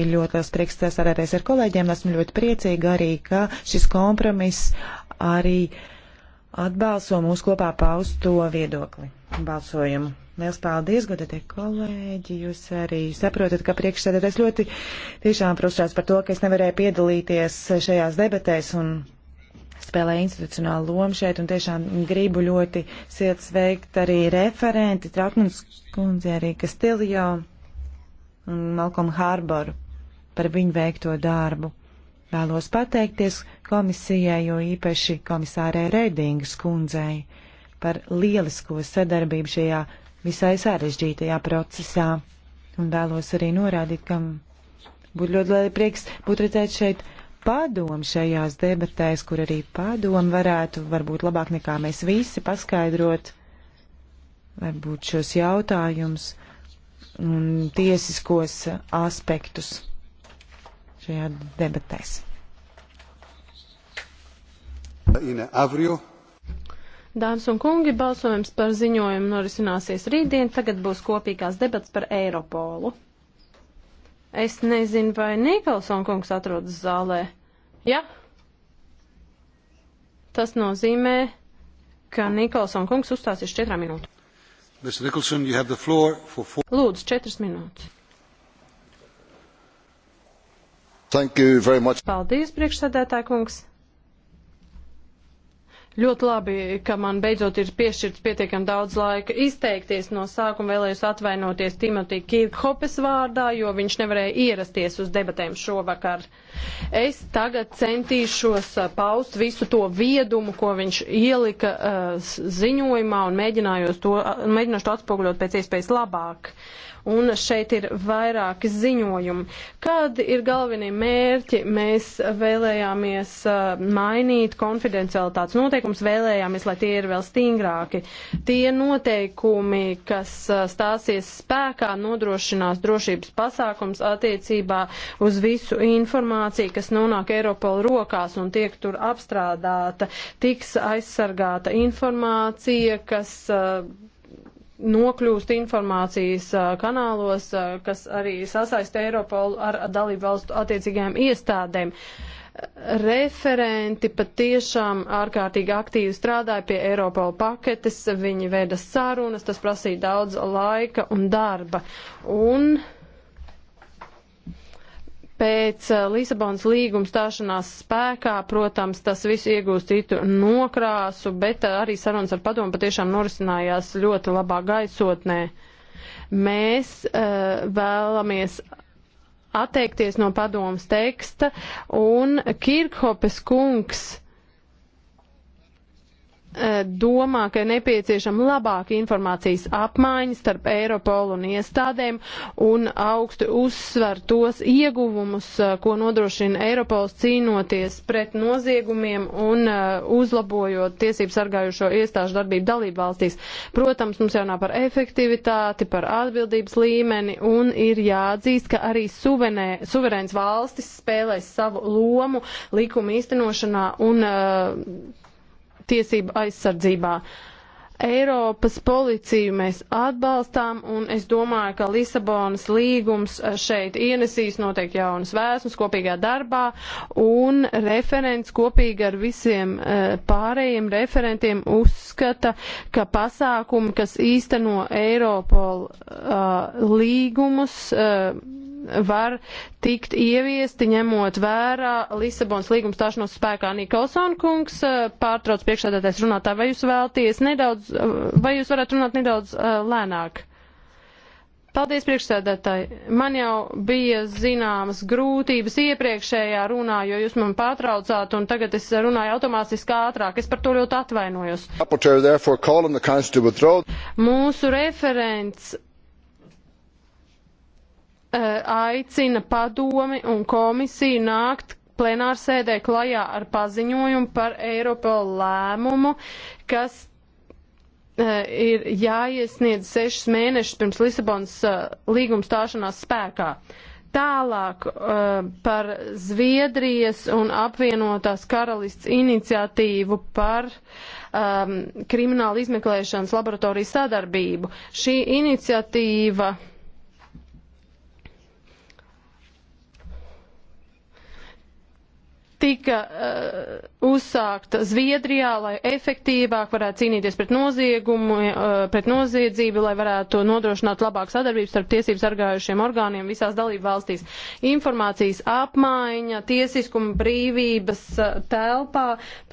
Ir ļoti liels prieks sarēties ar kolēģiem. Esmu ļoti priecīga arī, ka šis kompromiss arī atbalso mūsu kopā pausto viedokli balsojumu. Liels paldies, godatie kolēģi. Jūs arī saprotat, ka priekšsēdētājs ļoti tiešām frustrēts par to, ka es nevarēju piedalīties šajās debatēs un spēlēju institucionālu lomu šeit un tiešām gribu ļoti siet sveikt arī referenti Trautmanas kundzi, arī Kastiljo un Malcolm Harboru par viņu veikto darbu. Vēlos pateikties komisijai, jo īpaši komisārai Reidingas kundzei par lielisko sadarbību šajā visai sarežģītajā procesā. Un vēlos arī norādīt, ka būtu ļoti liela prieks būt redzēt šeit padomu šajās debatēs, kur arī padomu varētu varbūt labāk nekā mēs visi paskaidrot varbūt šos jautājumus un tiesiskos aspektus šajā debatēs. Dāmas un kungi, balsojums par ziņojumu norisināsies rītdien. Tagad būs kopīgās debats par Eiropolu. Es nezinu, vai Nikolson kungs atrodas zālē. Ja? Tas nozīmē, ka Nikolson kungs uzstāsies četrā minūte. Mr. Nicholson, you have the floor for four... Lūdzu, četras minūtes. Paldies, priekšsēdētāji kungs. Ļoti labi, ka man beidzot ir piešķirts pietiekam daudz laika izteikties. No sākuma vēlējos atvainoties Timotī Kirkhopes vārdā, jo viņš nevarēja ierasties uz debatēm šovakar. Es tagad centīšos uh, paust visu to viedumu, ko viņš ielika uh, ziņojumā un uh, mēģināšu to atspoguļot pēc iespējas labāk. Uh, un šeit ir vairāki ziņojumi. Kādi ir galvenie mērķi? Mēs vēlējāmies uh, mainīt konfidencialitātes noteikumus, vēlējāmies, lai tie ir vēl stingrāki. Tie noteikumi, kas uh, stāsies spēkā, nodrošinās drošības pasākums attiecībā uz visu informāciju, kas nonāk Eiropola rokās un tiek tur apstrādāta, tiks aizsargāta informācija, kas uh, nokļūst informācijas kanālos, kas arī sasaista Eiropolu ar dalību valstu attiecīgajām iestādēm. Referenti patiešām ārkārtīgi aktīvi strādāja pie Eiropola paketes, viņi veda sarunas, tas prasīja daudz laika un darba. Un Pēc eh, Lisabonas līguma stāšanās spēkā, protams, tas viss iegūst citu nokrāsu, bet eh, arī sarunas ar padomu patiešām norisinājās ļoti labā gaisotnē. Mēs uh, vēlamies atteikties no padomas teksta un Kirkhopes kungs E, domā, ka ir nepieciešama labāka informācijas apmaiņa starp Eiropolu un iestādēm un augstu uzsver tos ieguvumus, e, ko nodrošina Eiropols cīnoties pret noziegumiem un e, uzlabojot tiesību sargājušo iestāžu darbību dalību valstīs. Protams, mums jaunā par efektivitāti, par atbildības līmeni un ir jāatzīst, ka arī suvenē, suverēns valstis spēlēs savu lomu likuma īstenošanā un uh, tiesību aizsardzībā. Eiropas policiju mēs atbalstām, un es domāju, ka Lisabonas līgums eh, šeit ienesīs noteikti jaunas vēsmas kopīgā darbā, un referents kopīgi ar visiem eh, pārējiem referentiem uzskata, ka pasākumi, kas īsteno Eiropola eh, līgumus, var tikt ieviesti, ņemot vērā Lisabons līgums stāšanos spēkā. Nikolson kungs eh, pārtrauc priekšādātais runātā, vai jūs vēlties nedaudz, eh, vai jūs varat runāt nedaudz eh, lēnāk? Paldies priekšsēdētāji. Man jau bija zināmas grūtības iepriekšējā runā, jo jūs man pārtraucāt, un tagad es runāju automātiski ātrāk. Es par to ļoti atvainojos. Mūsu referents Eh, aicina padomi un komisiju nākt plenārsēdē klajā ar paziņojumu par Eiropolu lēmumu, kas eh, ir jāiesniedz sešus mēnešus pirms Lisabonas eh, līguma stāšanās spēkā. Tālāk par Zviedrijas un apvienotās karalists iniciatīvu par um, kriminālu izmeklēšanas laboratoriju sadarbību. Šī iniciatīva uh, tika uh, uzsākta Zviedrijā, lai efektīvāk varētu cīnīties pret noziegumu, uh, pret noziedzību, lai varētu nodrošināt labāku sadarbību starp tiesību sargājušiem orgāniem visās dalību valstīs. Informācijas apmaiņa, tiesiskuma brīvības uh, telpā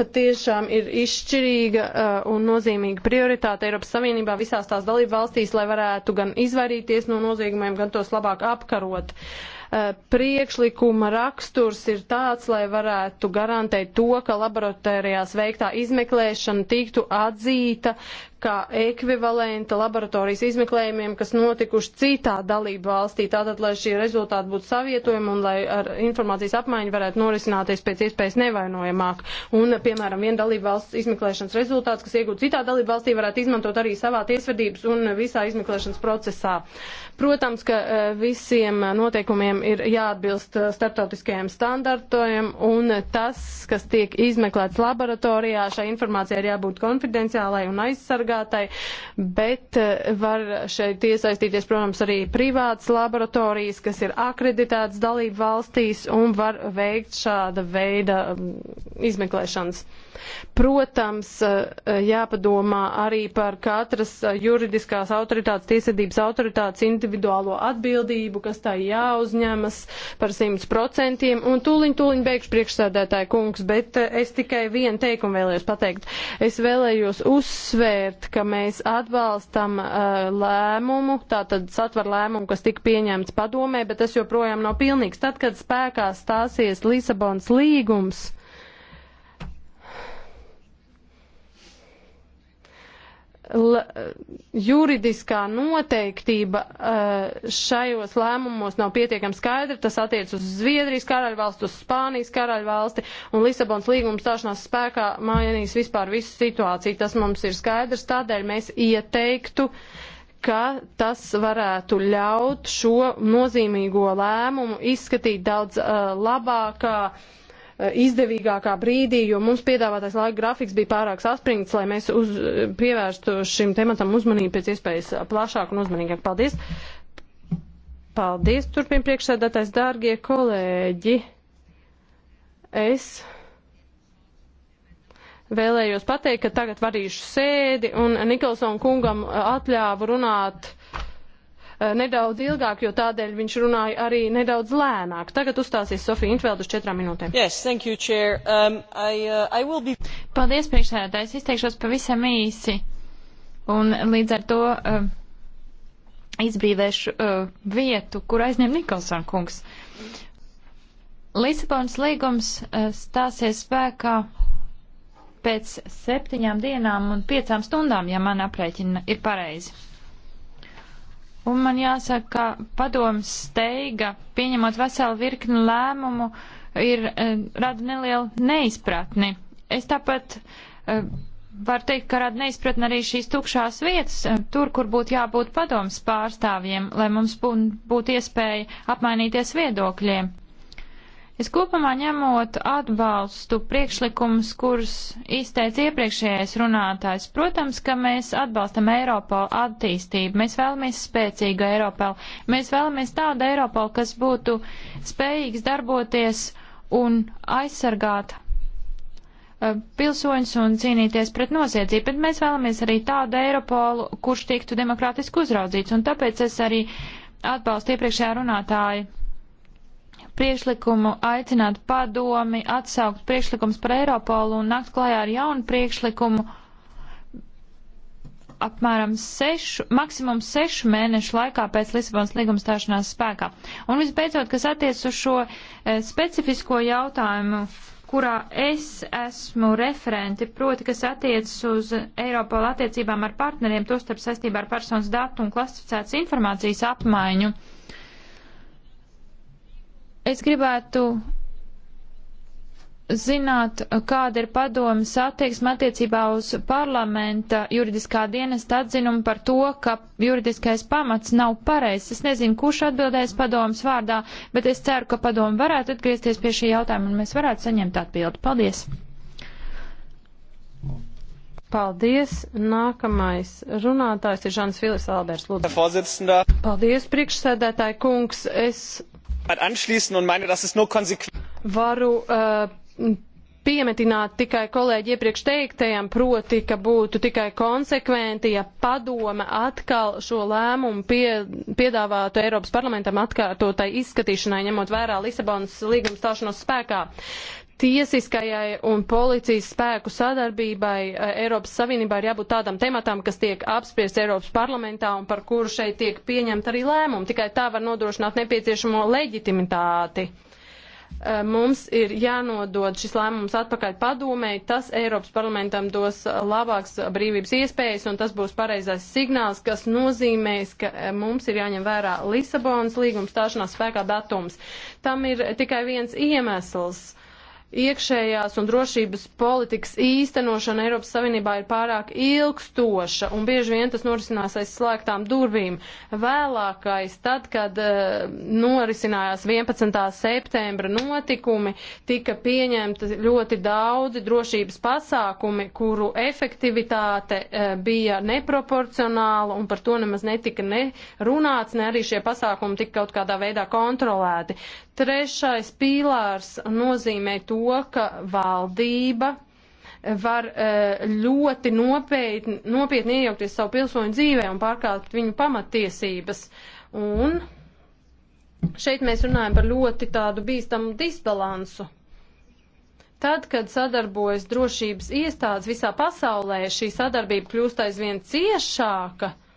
patiešām ir izšķirīga uh, un nozīmīga prioritāte Eiropas Savienībā visās tās dalību valstīs, lai varētu gan izvairīties no noziegumiem, gan tos labāk apkarot. Uh, Eh, priekšlikuma raksturs ir tāds, lai varētu garantēt to, ka laboratorijās veiktā izmeklēšana tiktu atzīta kā ekvivalenta laboratorijas izmeklējumiem, kas notikuši citā dalību valstī, tātad, lai šie rezultāti būtu savietojumi un lai ar informācijas apmaiņu varētu norisināties pēc iespējas nevainojamāk. Un, piemēram, viena dalību valsts izmeklēšanas rezultāts, kas iegūts citā dalību valstī, varētu izmantot arī savā tiesvedības un visā izmeklēšanas procesā. Protams, ka eh, visiem noteikumiem ir jāatbilst eh, starptautiskajiem standartojiem, un tas, kas tiek izmeklēts laboratorijā, šai informācijai ir jābūt konfidenciālai un aizsargātai aizsargātai, bet eh, var šeit iesaistīties, protams, arī privātas laboratorijas, kas ir akreditētas dalību valstīs un var veikt šāda veida mm, izmeklēšanas. Protams, eh, eh, jāpadomā arī par katras eh, juridiskās autoritātes, tiesvedības autoritātes individuālo atbildību, kas tā jāuzņemas par 100%. Un tūliņ, tūliņ beigšu priekšsēdētāju kungs, bet es tikai vienu teikumu vēlējos pateikt. Es vēlējos uzsvērt, ka mēs atbalstam uh, lēmumu, tātad satver lēmumu, kas tika pieņemts padomē, bet tas joprojām nav pilnīgs. Tad, kad spēkā stāsies Lisabonas līgums, Eh, juridiskā noteiktība eh, šajos lēmumos nav pietiekami skaidra. Tas attiec uz Zviedrijas karaļvalstu, uz Spānijas karaļvalsti, un Lisabons līgums stāšanās spēkā mainīs vispār visu situāciju. Tas mums ir skaidrs, tādēļ mēs ieteiktu ka tas varētu ļaut šo nozīmīgo lēmumu izskatīt daudz uh, labākā uh, Eh, izdevīgākā brīdī, jo mums piedāvātais laika grafiks bija pārāk saspringts, lai mēs uz, pievērstu šim tematam uzmanību pēc iespējas plašāk un uzmanīgāk. Paldies! Paldies, turpin priekšsēdētājs, dārgie kolēģi! Es vēlējos pateikt, ka tagad varīšu sēdi un Nikolson kungam atļāvu runāt Eh, nedaudz ilgāk, jo tādēļ viņš runāja arī nedaudz lēnāk. Tagad uzstāsies Sofija Intvelda uz četrām minūtēm. Yes, thank you, chair. Um, I, uh, I will be... Paldies, priekšsēdētājs. Izteikšos pavisam īsi. Un līdz ar to uh, izbrīvēšu uh, vietu, kur aizņem Nikolson kungs. Lisabonas līgums uh, stāsies spēkā pēc septiņām dienām un piecām stundām, ja man aprēķina ir pareizi. Un man jāsaka, ka padoms steiga, pieņemot veselu virkni lēmumu, ir e, rada nelielu neizpratni. Es tāpat e, varu teikt, ka rada neizpratni arī šīs tukšās vietas, e, tur, kur būtu jābūt padoms pārstāvjiem, lai mums būtu iespēja apmainīties viedokļiem. Es kopumā ņemot atbalstu priekšlikumus, kurus izteica iepriekšējais runātājs. Protams, ka mēs atbalstam Eiropolu attīstību, mēs vēlamies spēcīgu Eiropolu, mēs vēlamies tādu Eiropolu, kas būtu spējīgs darboties un aizsargāt eh, pilsoņus un cīnīties pret noziedzību, bet mēs vēlamies arī tādu Eiropolu, kurš tiktu demokrātiski uzraudzīts, un tāpēc es arī atbalstu iepriekšējā runātāja priekšlikumu aicināt padomi atsaukt priekšlikums par Eiropolu un nakt klājā ar jaunu priekšlikumu apmēram sešu, maksimums sešu mēnešu laikā pēc Lisabonas līguma stāšanās spēkā. Un visbeidzot, kas attiec uz šo e, specifisko jautājumu, kurā es esmu referenti, proti, kas attiecas uz Eiropola attiecībām ar partneriem, tostarp saistībā ar personas datu un klasificētas informācijas apmaiņu. Es gribētu zināt, kāda ir padomas attieksme attiecībā uz parlamenta juridiskā dienesta atzinumu par to, ka juridiskais pamats nav pareizs. Es nezinu, kurš atbildēs padomas vārdā, bet es ceru, ka padoma varētu atgriezties pie šī jautājuma un mēs varētu saņemt atbildi. Paldies! Paldies. Nākamais runātājs ir Žans Filips Albērs. Lūdzu. Paldies, priekšsēdētāji kungs. Es anschließen un meine, das ist nur konsequent. Varu uh, piemetināt tikai kolēģi iepriekš teiktajam, proti, ka būtu tikai konsekventi, ja padome atkal šo lēmumu pie, piedāvātu Eiropas parlamentam atkārtotai izskatīšanai, ņemot vērā Lisabonas līguma stāšanos spēkā. Uh, tiesiskajai un policijas spēku sadarbībai eh, Eiropas Savienībā ir jābūt tādam tematam, kas tiek apspriests Eiropas parlamentā un par kuru šeit tiek pieņemta arī lēmumi. Tikai tā var nodrošināt nepieciešamo leģitimitāti eh, mums ir jānodod šis lēmums atpakaļ padomēji, tas Eiropas parlamentam dos labāks brīvības iespējas, un tas būs pareizais signāls, kas nozīmēs, ka eh, mums ir jāņem vērā Lisabonas līgums stāšanās spēkā datums. Tam ir tikai viens iemesls iekšējās un drošības politikas īstenošana Eiropas Savienībā ir pārāk ilgstoša un bieži vien tas norisinās aiz slēgtām durvīm. Vēlākais, tad, kad uh, norisinājās 11. septembra notikumi, tika pieņemti ļoti daudzi drošības pasākumi, kuru efektivitāte uh, bija neproporcionāla un par to nemaz netika ne runāts, ne arī šie pasākumi tika kaut kādā veidā kontrolēti. Trešais pīlārs nozīmē to, ka valdība var eh, ļoti nopietni, nopietni iejaukties savu pilsoņu dzīvē un pārkāpt viņu pamattiesības. Un šeit mēs runājam par ļoti tādu bīstamu disbalansu. Tad, kad sadarbojas drošības iestādes visā pasaulē, šī sadarbība kļūst aizvien ciešāka. Uh,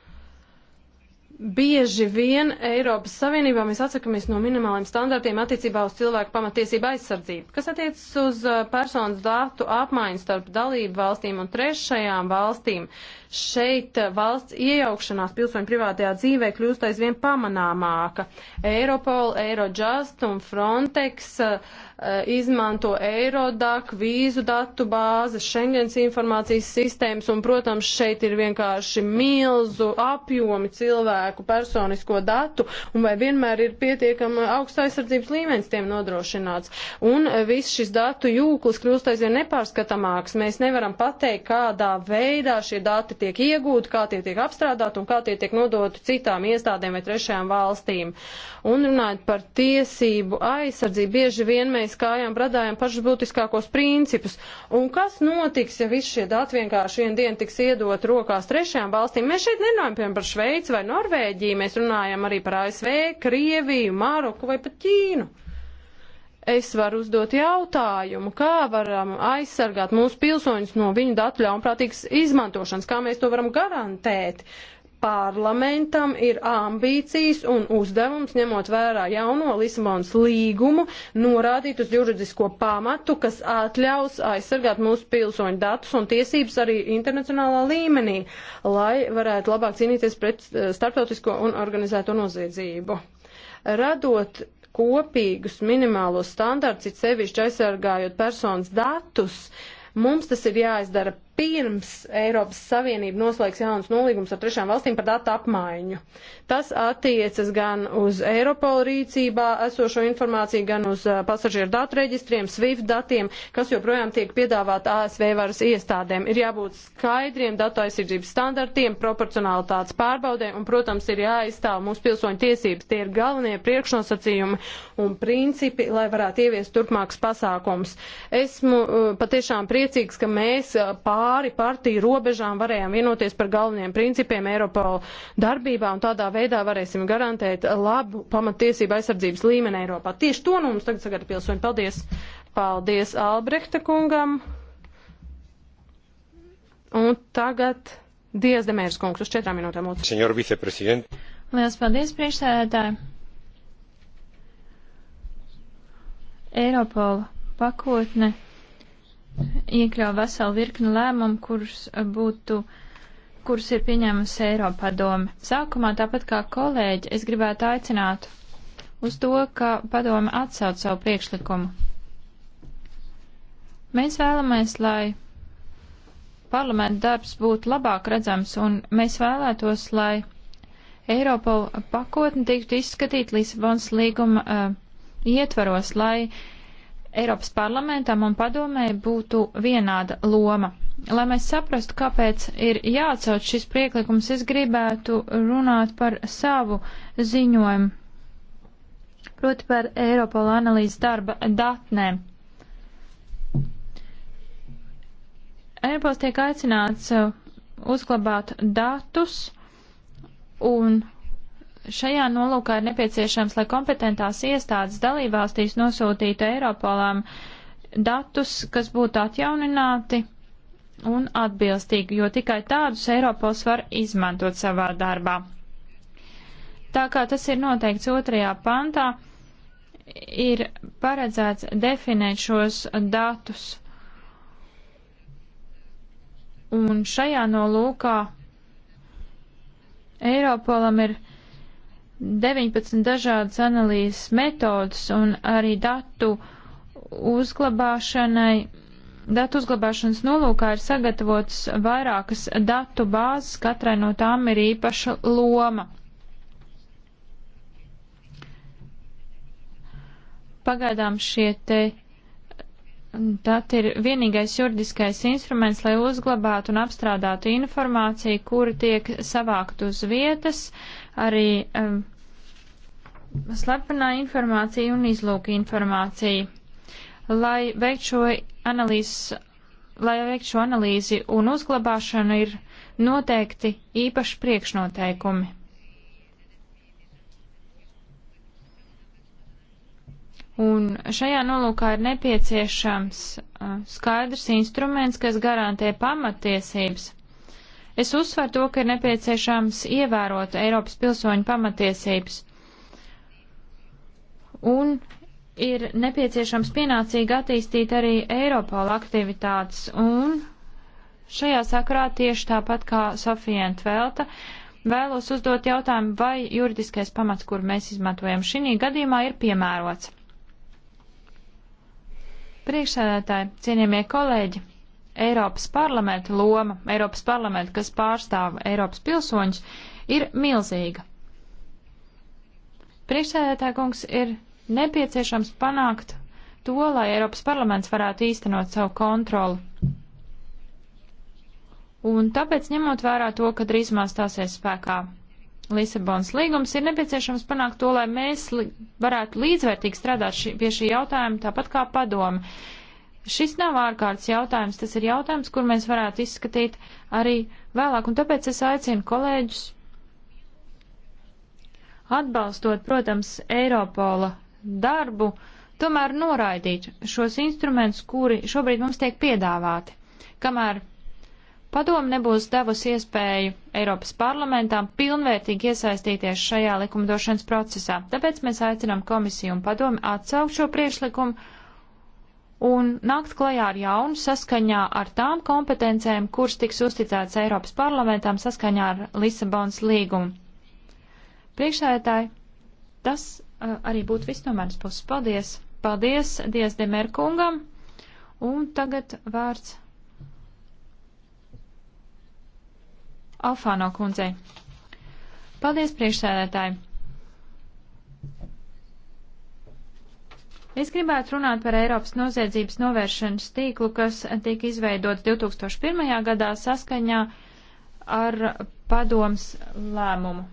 Bieži vien Eiropas Savienībā mēs atsakamies no minimāliem standartiem attiecībā uz cilvēku pamatiesību aizsardzību, kas attiecas uz uh, personas datu apmaiņu starp dalību valstīm un trešajām valstīm. Uh, Šeit eh, valsts iejaukšanās pilsoņu privātajā dzīvē kļūst aizvien pamanāmāka. Europol, Eurojust un Frontex eh, izmanto Eurodac, vīzu datu bāzes, Schengens informācijas sistēmas un, protams, šeit ir vienkārši milzu apjomi cilvēku personisko datu un vai vienmēr ir pietiekama augsta aizsardzības līmenis tiem nodrošināts. Un eh, viss šis datu jūklis kļūst aizvien nepārskatāmāks. Mēs nevaram pateikt, kādā veidā šie dati tiek iegūti, kā tie tiek apstrādāti un kā tie tiek nodoti citām iestādēm vai trešajām valstīm. Un runājot par tiesību aizsardzību, bieži vien mēs kājām bradājam pašus būtiskākos principus. Un kas notiks, ja visi šie dati vienkārši vien dienu tiks iedot rokās trešajām valstīm? Mēs šeit nerunājam, piemēram, par Šveici vai Norvēģiju, mēs runājam arī par ASV, Krieviju, Maroku vai pat Ķīnu es varu uzdot jautājumu, kā varam aizsargāt mūsu pilsoņus no viņu datu ļaunprātīgas izmantošanas, kā mēs to varam garantēt. Parlamentam ir ambīcijas un uzdevums, ņemot vērā jauno Lisabonas līgumu, norādīt uz juridisko pamatu, kas atļaus aizsargāt mūsu pilsoņu datus un tiesības arī internacionālā līmenī, lai varētu labāk cīnīties pret eh, starptautisko un organizēto noziedzību. Radot kopīgus minimālos standarts, it sevišķi aizsargājot personas datus, mums tas ir jāizdara pirms Eiropas Savienība noslēgs jaunas nolīgums ar trešām valstīm par datu apmaiņu. Tas attiecas gan uz Eiropola rīcībā esošo informāciju, gan uz pasažieru datu reģistriem, SWIFT datiem, kas joprojām tiek piedāvāt ASV varas iestādēm. Ir jābūt skaidriem datu aizsardzības standartiem, proporcionalitātes pārbaudē un, protams, ir jāaizstāv mūsu pilsoņu tiesības. Tie ir galvenie priekšnosacījumi un principi, lai varētu ieviest turpmākus pasākumus. Esmu patiešām priecīgs, ka mēs pār pāri partiju robežām varējām vienoties par galvenajiem principiem Eiropā darbībā un tādā veidā varēsim garantēt labu pamatiesību aizsardzības līmeni Eiropā. Tieši to nu mums tagad sagada pilsoņi. Paldies! Paldies Albrehta kungam! Un tagad Dievs Demērs kungs uz četrām minūtēm. Senjor viceprezident. Liels paldies, priekšsēdētāji. Eiropola pakotne iekļauj veselu virkni lēmumu, kurus būtu kurus ir pieņēmusi Eiropa padome. Sākumā, tāpat kā kolēģi, es gribētu aicināt uz to, ka padome atsauc savu priekšlikumu. Mēs vēlamies, lai parlamenta darbs būtu labāk redzams, un mēs vēlētos, lai Eiropa pakotni tiktu izskatīt Lisabonas līguma uh, ietvaros, lai uh, Eiropas parlamentam un padomē būtu vienāda loma. Lai mēs saprastu, kāpēc ir jāatsauc šis prieklikums, es gribētu runāt par savu ziņojumu, proti par Eiropola analīzes darba datnēm. Eiropols tiek aicināts uzglabāt datus un Šajā nolūkā ir nepieciešams, lai kompetentās iestādes dalībvalstīs nosūtītu Eiropolām datus, kas būtu atjaunināti un atbilstīgi, jo tikai tādus Eiropols var izmantot savā darbā. Tā kā tas ir noteikts otrajā pantā, ir paredzēts definēt šos datus. Un šajā nolūkā Eiropolam ir 19 dažādas analīzes metodas un arī datu uzglabāšanai. Datu uzglabāšanas nolūkā ir sagatavotas vairākas datu bāzes, katrai no tām ir īpaša loma. Pagaidām šie te mm, Tad ir vienīgais juridiskais instruments, lai uzglabātu un apstrādātu informāciju, kura tiek savākt uz vietas, arī um, slepenā informācija un izlūka informācija. Lai veiktu šo analīzi, lai veiktu šo analīzi un uzglabāšanu, ir noteikti īpaši priekšnoteikumi. Un šajā nolūkā ir nepieciešams uh, skaidrs instruments, kas garantē pamatiesības. Es uzsveru to, ka ir nepieciešams ievērot Eiropas pilsoņu pamatiesības un ir nepieciešams pienācīgi attīstīt arī Eiropola aktivitātes, un šajā sakrā tieši tāpat kā Sofija Entvelta vēlos uzdot jautājumu, vai juridiskais pamats, kur mēs izmantojam šī gadījumā, ir piemērots. Priekšsēdētāji, cienījamie kolēģi, Eiropas parlamenta loma, Eiropas parlamenta, kas pārstāv Eiropas pilsoņus, ir milzīga. Priekšsēdētāja kungs ir nepieciešams panākt to, lai Eiropas parlaments varētu īstenot savu kontroli. Un tāpēc, ņemot vērā to, ka drīzumā stāsies spēkā Lisabonas līgums, ir nepieciešams panākt to, lai mēs li varētu līdzvērtīgi strādāt ši pie šī jautājuma, tāpat kā padome. Šis nav ārkārtas jautājums, tas ir jautājums, kur mēs varētu izskatīt arī vēlāk, un tāpēc es aicinu kolēģus atbalstot, protams, Eiropola darbu, tomēr noraidīt šos instrumentus, kuri šobrīd mums tiek piedāvāti, kamēr padomu nebūs devusi iespēju Eiropas parlamentām pilnvērtīgi iesaistīties šajā likumdošanas procesā. Tāpēc mēs aicinām komisiju un padomu atsaukt šo priešlikumu un nākt klajā ar jaunu saskaņā ar tām kompetencēm, kuras tiks uzticētas Eiropas parlamentām saskaņā ar Lisabonas līgumu. Priekšsēdētāji, tas arī būtu viss no manas puses. Paldies! Paldies Dievs Demerkungam! Un tagad vārds Alfāno kundzei. Paldies, priekšsēdētāji! Es gribētu runāt par Eiropas noziedzības novēršanas tīklu, kas tika izveidots 2001. gadā saskaņā ar padoms lēmumu.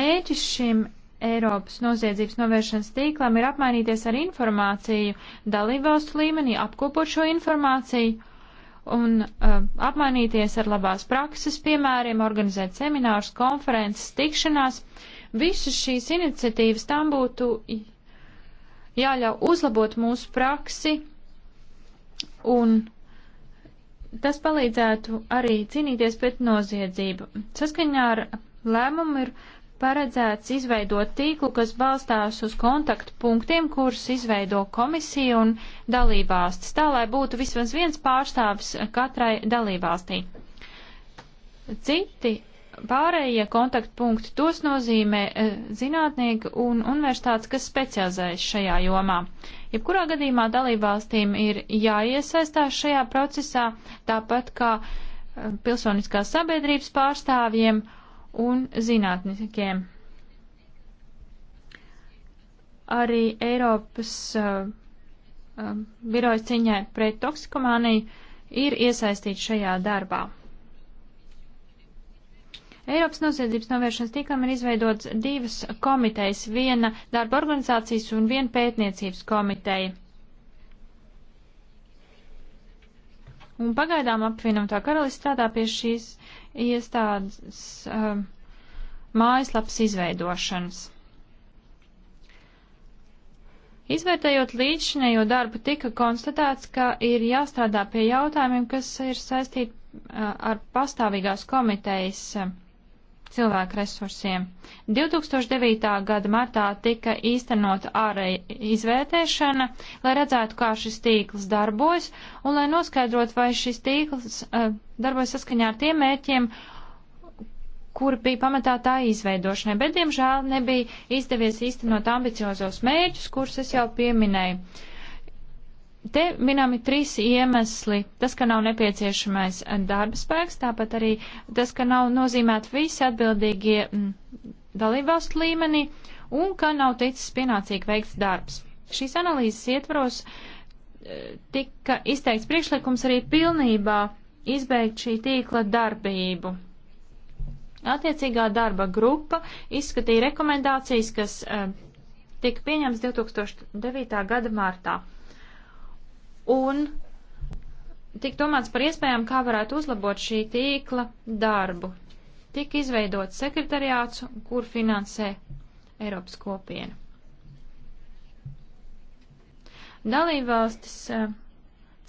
Mēģis šim Eiropas noziedzības novēršanas tīklam ir apmainīties ar informāciju dalībvalstu līmenī, apkopot šo informāciju un uh, apmainīties ar labās prakses piemēriem, organizēt seminārus, konferences, tikšanās. Visas šīs iniciatīvas tam būtu jāļauj uzlabot mūsu praksi un tas palīdzētu arī cīnīties pret noziedzību. Saskaņā ar lēmumu ir paredzēts izveidot tīklu, kas balstās uz kontaktpunktiem, kurus izveido komisija un dalībvalstis, tā lai būtu vismaz viens pārstāvis katrai dalībvalstī. Citi pārējie kontaktpunkti tos nozīmē eh, zinātnieki un universitātes, kas specializējas šajā jomā. Jebkurā gadījumā dalībvalstīm ir jāiesaistās šajā procesā, tāpat kā eh, pilsoniskās sabiedrības pārstāvjiem un zinātniskiem. Arī Eiropas uh, uh, birojas ciņai pret toksikomāniju ir iesaistīts šajā darbā. Eiropas noziedzības novēršanas tīklam ir izveidots divas komitejas, viena darba organizācijas un viena pētniecības komiteja. Un pagaidām apvienotā karalists strādā pie šīs uh, iestādes um, mājaslapas izveidošanas. Izvērtējot līdzšinējo darbu, tika konstatēts, ka ir jāstrādā pie jautājumiem, kas ir saistīti uh, ar pastāvīgās komitejas um, cilvēku resursiem. 2009. gada martā tika īstenota ārēja izvērtēšana, lai redzētu, kā šis tīkls darbojas un lai noskaidrot, vai šis tīkls uh, darbojas saskaņā ar tiem mērķiem, kuri bija pamatā tā izveidošanai, bet, diemžēl, nebija izdevies īstenot ambiciozos mērķus, kurus es jau pieminēju. Te minami trīs iemesli. Tas, ka nav nepieciešamais eh, darba spēks, tāpat arī tas, ka nav nozīmēti visi atbildīgie mm, dalībvalstu līmenī un ka nav ticis pienācīgi veikts darbs. Šīs analīzes ietvaros eh, tika izteikts priekšlikums arī pilnībā izbeigt šī tīkla darbību. Attiecīgā darba grupa izskatīja rekomendācijas, kas eh, tika pieņemts 2009. gada martā un tik domāts par iespējām, kā varētu uzlabot šī tīkla darbu. Tik izveidots sekretariāts, kur finansē Eiropas kopiena. Dalībvalstis, eh,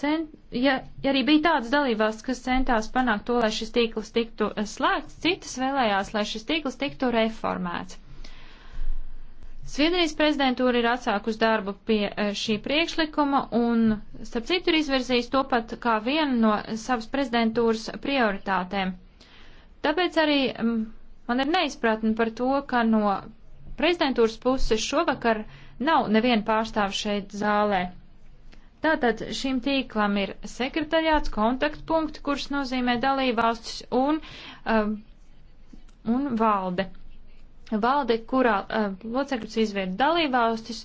cent, ja, ja arī bija tādas dalībvalstis, kas centās panākt to, lai šis tīkls tiktu eh, slēgts, citas vēlējās, lai šis tīkls tiktu reformēts. Zviedrijas prezidentūra ir atsākus darbu pie eh, šī priekšlikuma un, starp citu, ir izverzījis to pat kā vienu no savas prezidentūras prioritātēm. Tāpēc arī mm, man ir neizpratni par to, ka no prezidentūras puses šovakar nav neviena pārstāva šeit zālē. Tātad šim tīklam ir sekretariāts, kontaktpunkti, kurus nozīmē dalībvalstis un, um, un valde valdi, kurā uh, locekļus izvirda dalībvalstis,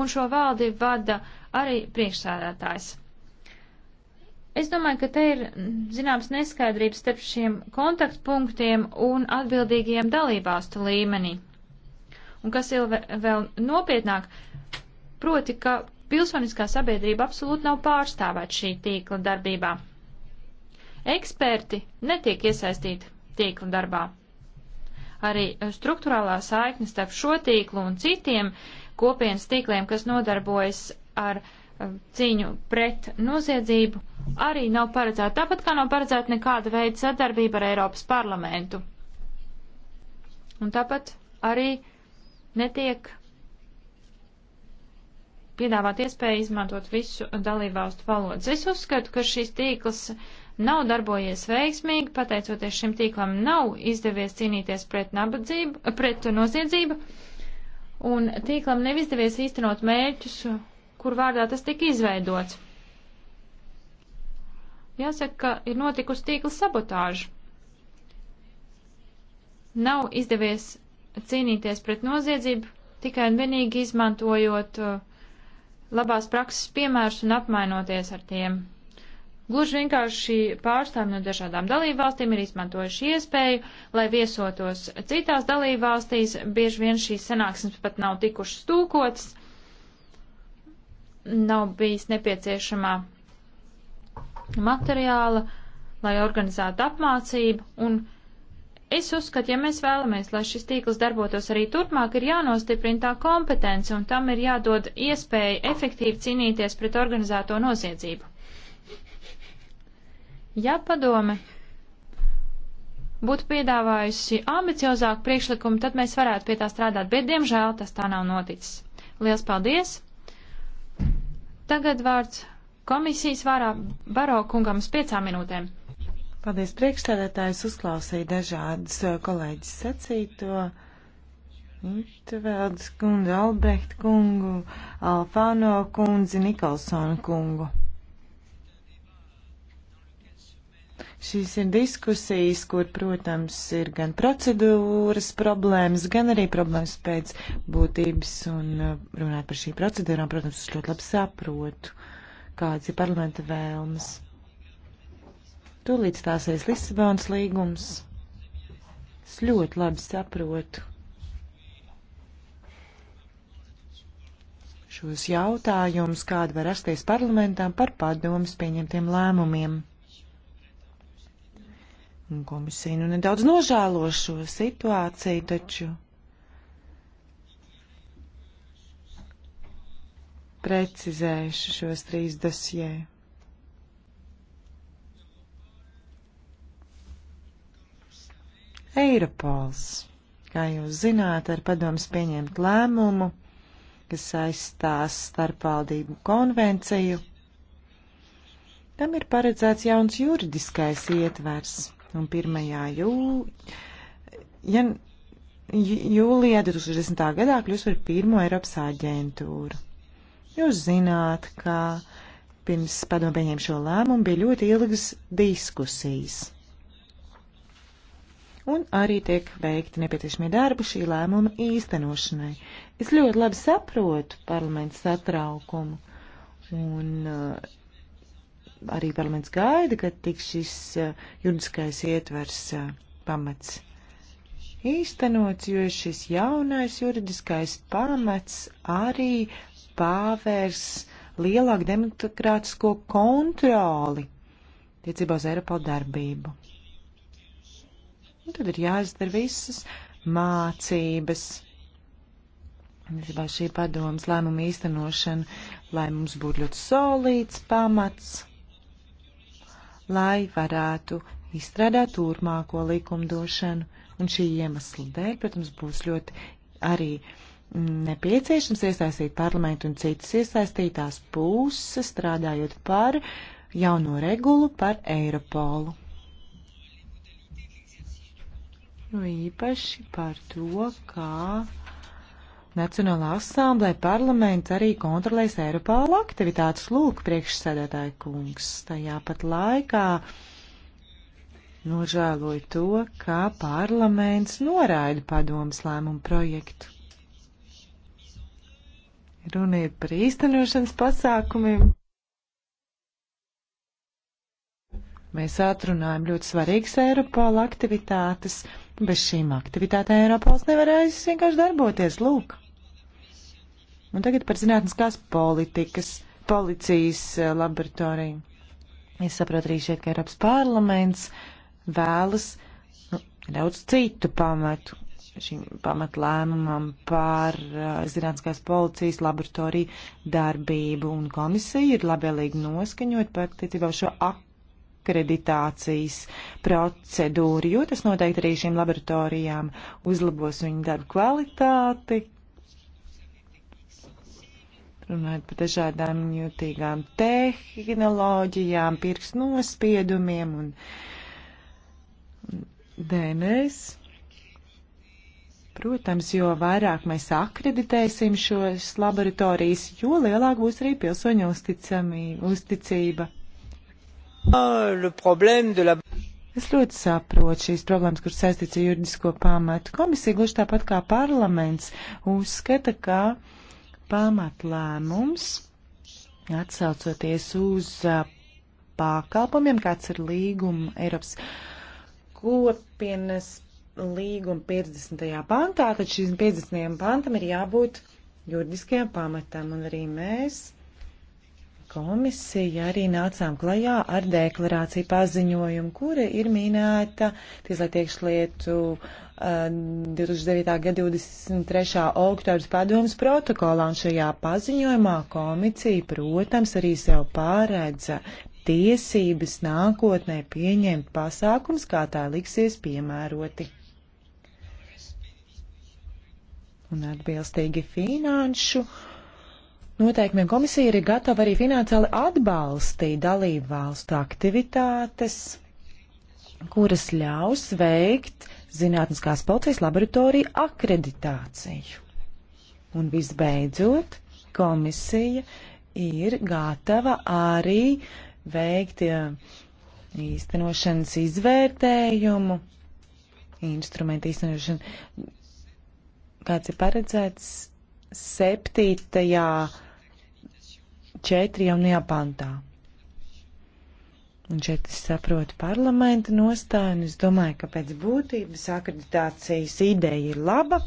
un šo valdi vada arī priekšsādātājs. Es domāju, ka te ir mm, zināms neskaidrības starp šiem kontaktpunktiem un atbildīgajiem dalībvalstu līmenī. Un kas ir vēl nopietnāk, proti, ka pilsoniskā sabiedrība absolūti nav pārstāvēta šī tīkla darbībā. Eksperti netiek iesaistīti tīkla darbā arī eh, struktūrālā saikne starp šo tīklu un citiem kopienas tīkliem, kas nodarbojas ar eh, cīņu pret noziedzību, arī nav paredzēta. Tāpat kā nav paredzēta nekāda veida sadarbība ar Eiropas parlamentu. Un tāpat arī netiek piedāvāt iespēju izmantot visu dalībvalstu valodas. Es uzskatu, ka šīs tīkls uh, nav darbojies veiksmīgi, pateicoties šim tīklam nav izdevies cīnīties pret nabadzību, pret noziedzību, un tīklam nav izdevies īstenot mērķus, kur vārdā tas tika izveidots. Jāsaka, ka ir notikusi tīkla sabotāža. Nav izdevies cīnīties pret noziedzību, tikai un vienīgi izmantojot uh, labās prakses piemērus un apmainoties ar tiem. Gluži vienkārši pārstāvji no dažādām dalībvalstīm ir izmantojuši iespēju, lai viesotos citās dalībvalstīs. Bieži vien šīs sanāksmes pat nav tikušas tūkotas, nav bijis nepieciešamā materiāla, lai organizētu apmācību. Un es uzskatu, ja mēs vēlamies, lai šis tīkls darbotos arī turpmāk, ir jānostiprina tā kompetence un tam ir jādod iespēja efektīvi cīnīties pret organizēto noziedzību. Ja padome būtu piedāvājusi ambiciozāku priekšlikumu, tad mēs varētu pie tā strādāt, bet diemžēl tas tā nav noticis. Lielas paldies! Tagad vārds komisijas vārā Baro kungam uz piecām minūtēm. Paldies priekšstādātājs, uzklausīja dažādas uh, kolēģis sacīto. Intveldes kundu, Albrecht kungu, Alfāno kundzi, Nikolsonu kungu. Šīs ir diskusijas, kur, protams, ir gan procedūras problēmas, gan arī problēmas pēc būtības. Un uh, runāt par šī procedūrām, protams, es ļoti labi saprotu, kāds ir parlamenta vēlmes. Tūlīt stāsies Lisabonas līgums. Es ļoti labi saprotu šos jautājumus, kāda var rasties parlamentām par padomus pieņemtiem lēmumiem komisiju. Nu, nedaudz nožēlo šo situāciju, taču precizēšu šos trīs dosjē. Eiropols, kā jūs zināt, ar padomus pieņemt lēmumu, kas aizstās starpvaldību konvenciju. Tam ir paredzēts jauns juridiskais ietvers un 1. Jū, ja, jūlijā 2010. gadā kļūs par pirmo Eiropas aģentūru. Jūs zināt, ka pirms padomu pieņem šo lēmumu bija ļoti ilgas diskusijas. Un arī tiek veikti nepieciešamie darbi šī lēmuma īstenošanai. Es ļoti labi saprotu parlamentu satraukumu un uh, arī parlaments gaida, kad tiks šis juridiskais ietvers pamats īstenots, jo šis jaunais juridiskais pamats arī pāvērs lielāku demokrātisko kontroli tiecībā uz Eiropā darbību. Un tad ir jāizdara visas mācības. Šī padomas lēmuma īstenošana, lai mums būtu ļoti solīts pamats, lai varētu izstrādāt turmāko likumdošanu. Un šī iemesla dēļ, protams, būs ļoti arī nepieciešams iesaistīt parlamentu un citas iesaistītās puses, strādājot par jauno regulu par Eiropolu. Nu, īpaši par to, kā Nacionālā asamblē parlaments arī kontrolēs Eiropāla aktivitātes lūk priekšsēdētāja kungs. Tajā pat laikā nožēloju to, ka parlaments noraida padomas lēmumu projektu. Runa ir par īstenošanas pasākumiem. Mēs atrunājam ļoti svarīgas Eiropāla aktivitātes. Bez šīm aktivitātēm Eiropols nevarēs vienkārši darboties. Lūk. Un tagad par zinātniskās politikas, policijas eh, laboratoriju. Es saprotu arī šeit, ka Eiropas parlaments vēlas nu, daudz citu pamatu šim pamatlēmumam par uh, zinātniskās policijas laboratoriju darbību, un komisija ir labēlīgi noskaņot par attiecībā šo ak akreditācijas procedūru, jo tas noteikti arī šīm laboratorijām uzlabos viņu darbu kvalitāti. Runājot par dažādām jūtīgām tehnoloģijām, pirkstu nospiedumiem un DNS. Protams, jo vairāk mēs akreditēsim šos laboratorijas, jo lielāk būs arī pilsoņu uzticamība, uzticība. Es ļoti saprotu šīs problēmas, kuras saistīts ar juridisko pamatu. Komisija gluži tāpat kā parlaments uzskata, ka pamatlēmums atsaucoties uz pakalpojumiem, kāds ir līguma Eiropas kopienas līguma 50. pantā, tad šīm 50. pantam ir jābūt juridiskajam pamatam, un arī mēs Komisija arī nācām klajā ar deklarāciju paziņojumu, kura ir minēta Tieslietu iekšlietu uh, 2009. gada 23. oktobras padomas protokolā, un šajā paziņojumā komisija, protams, arī sev pārēdza tiesības nākotnē pieņemt pasākums, kā tā liksies piemēroti. Un atbilstīgi finanšu. Uh, noteikumiem komisija ir gatava arī finansiāli atbalstīt dalību valstu aktivitātes, kuras ļaus veikt zinātniskās policijas laboratoriju akreditāciju. Un visbeidzot, komisija ir gatava arī veikt īstenošanas izvērtējumu, instrumentu īstenošanu, kāds ir paredzēts septītajā četrjaunajā pantā. Un šeit es saprotu parlamenta nostāju, un es domāju, ka pēc būtības akreditācijas ideja ir laba.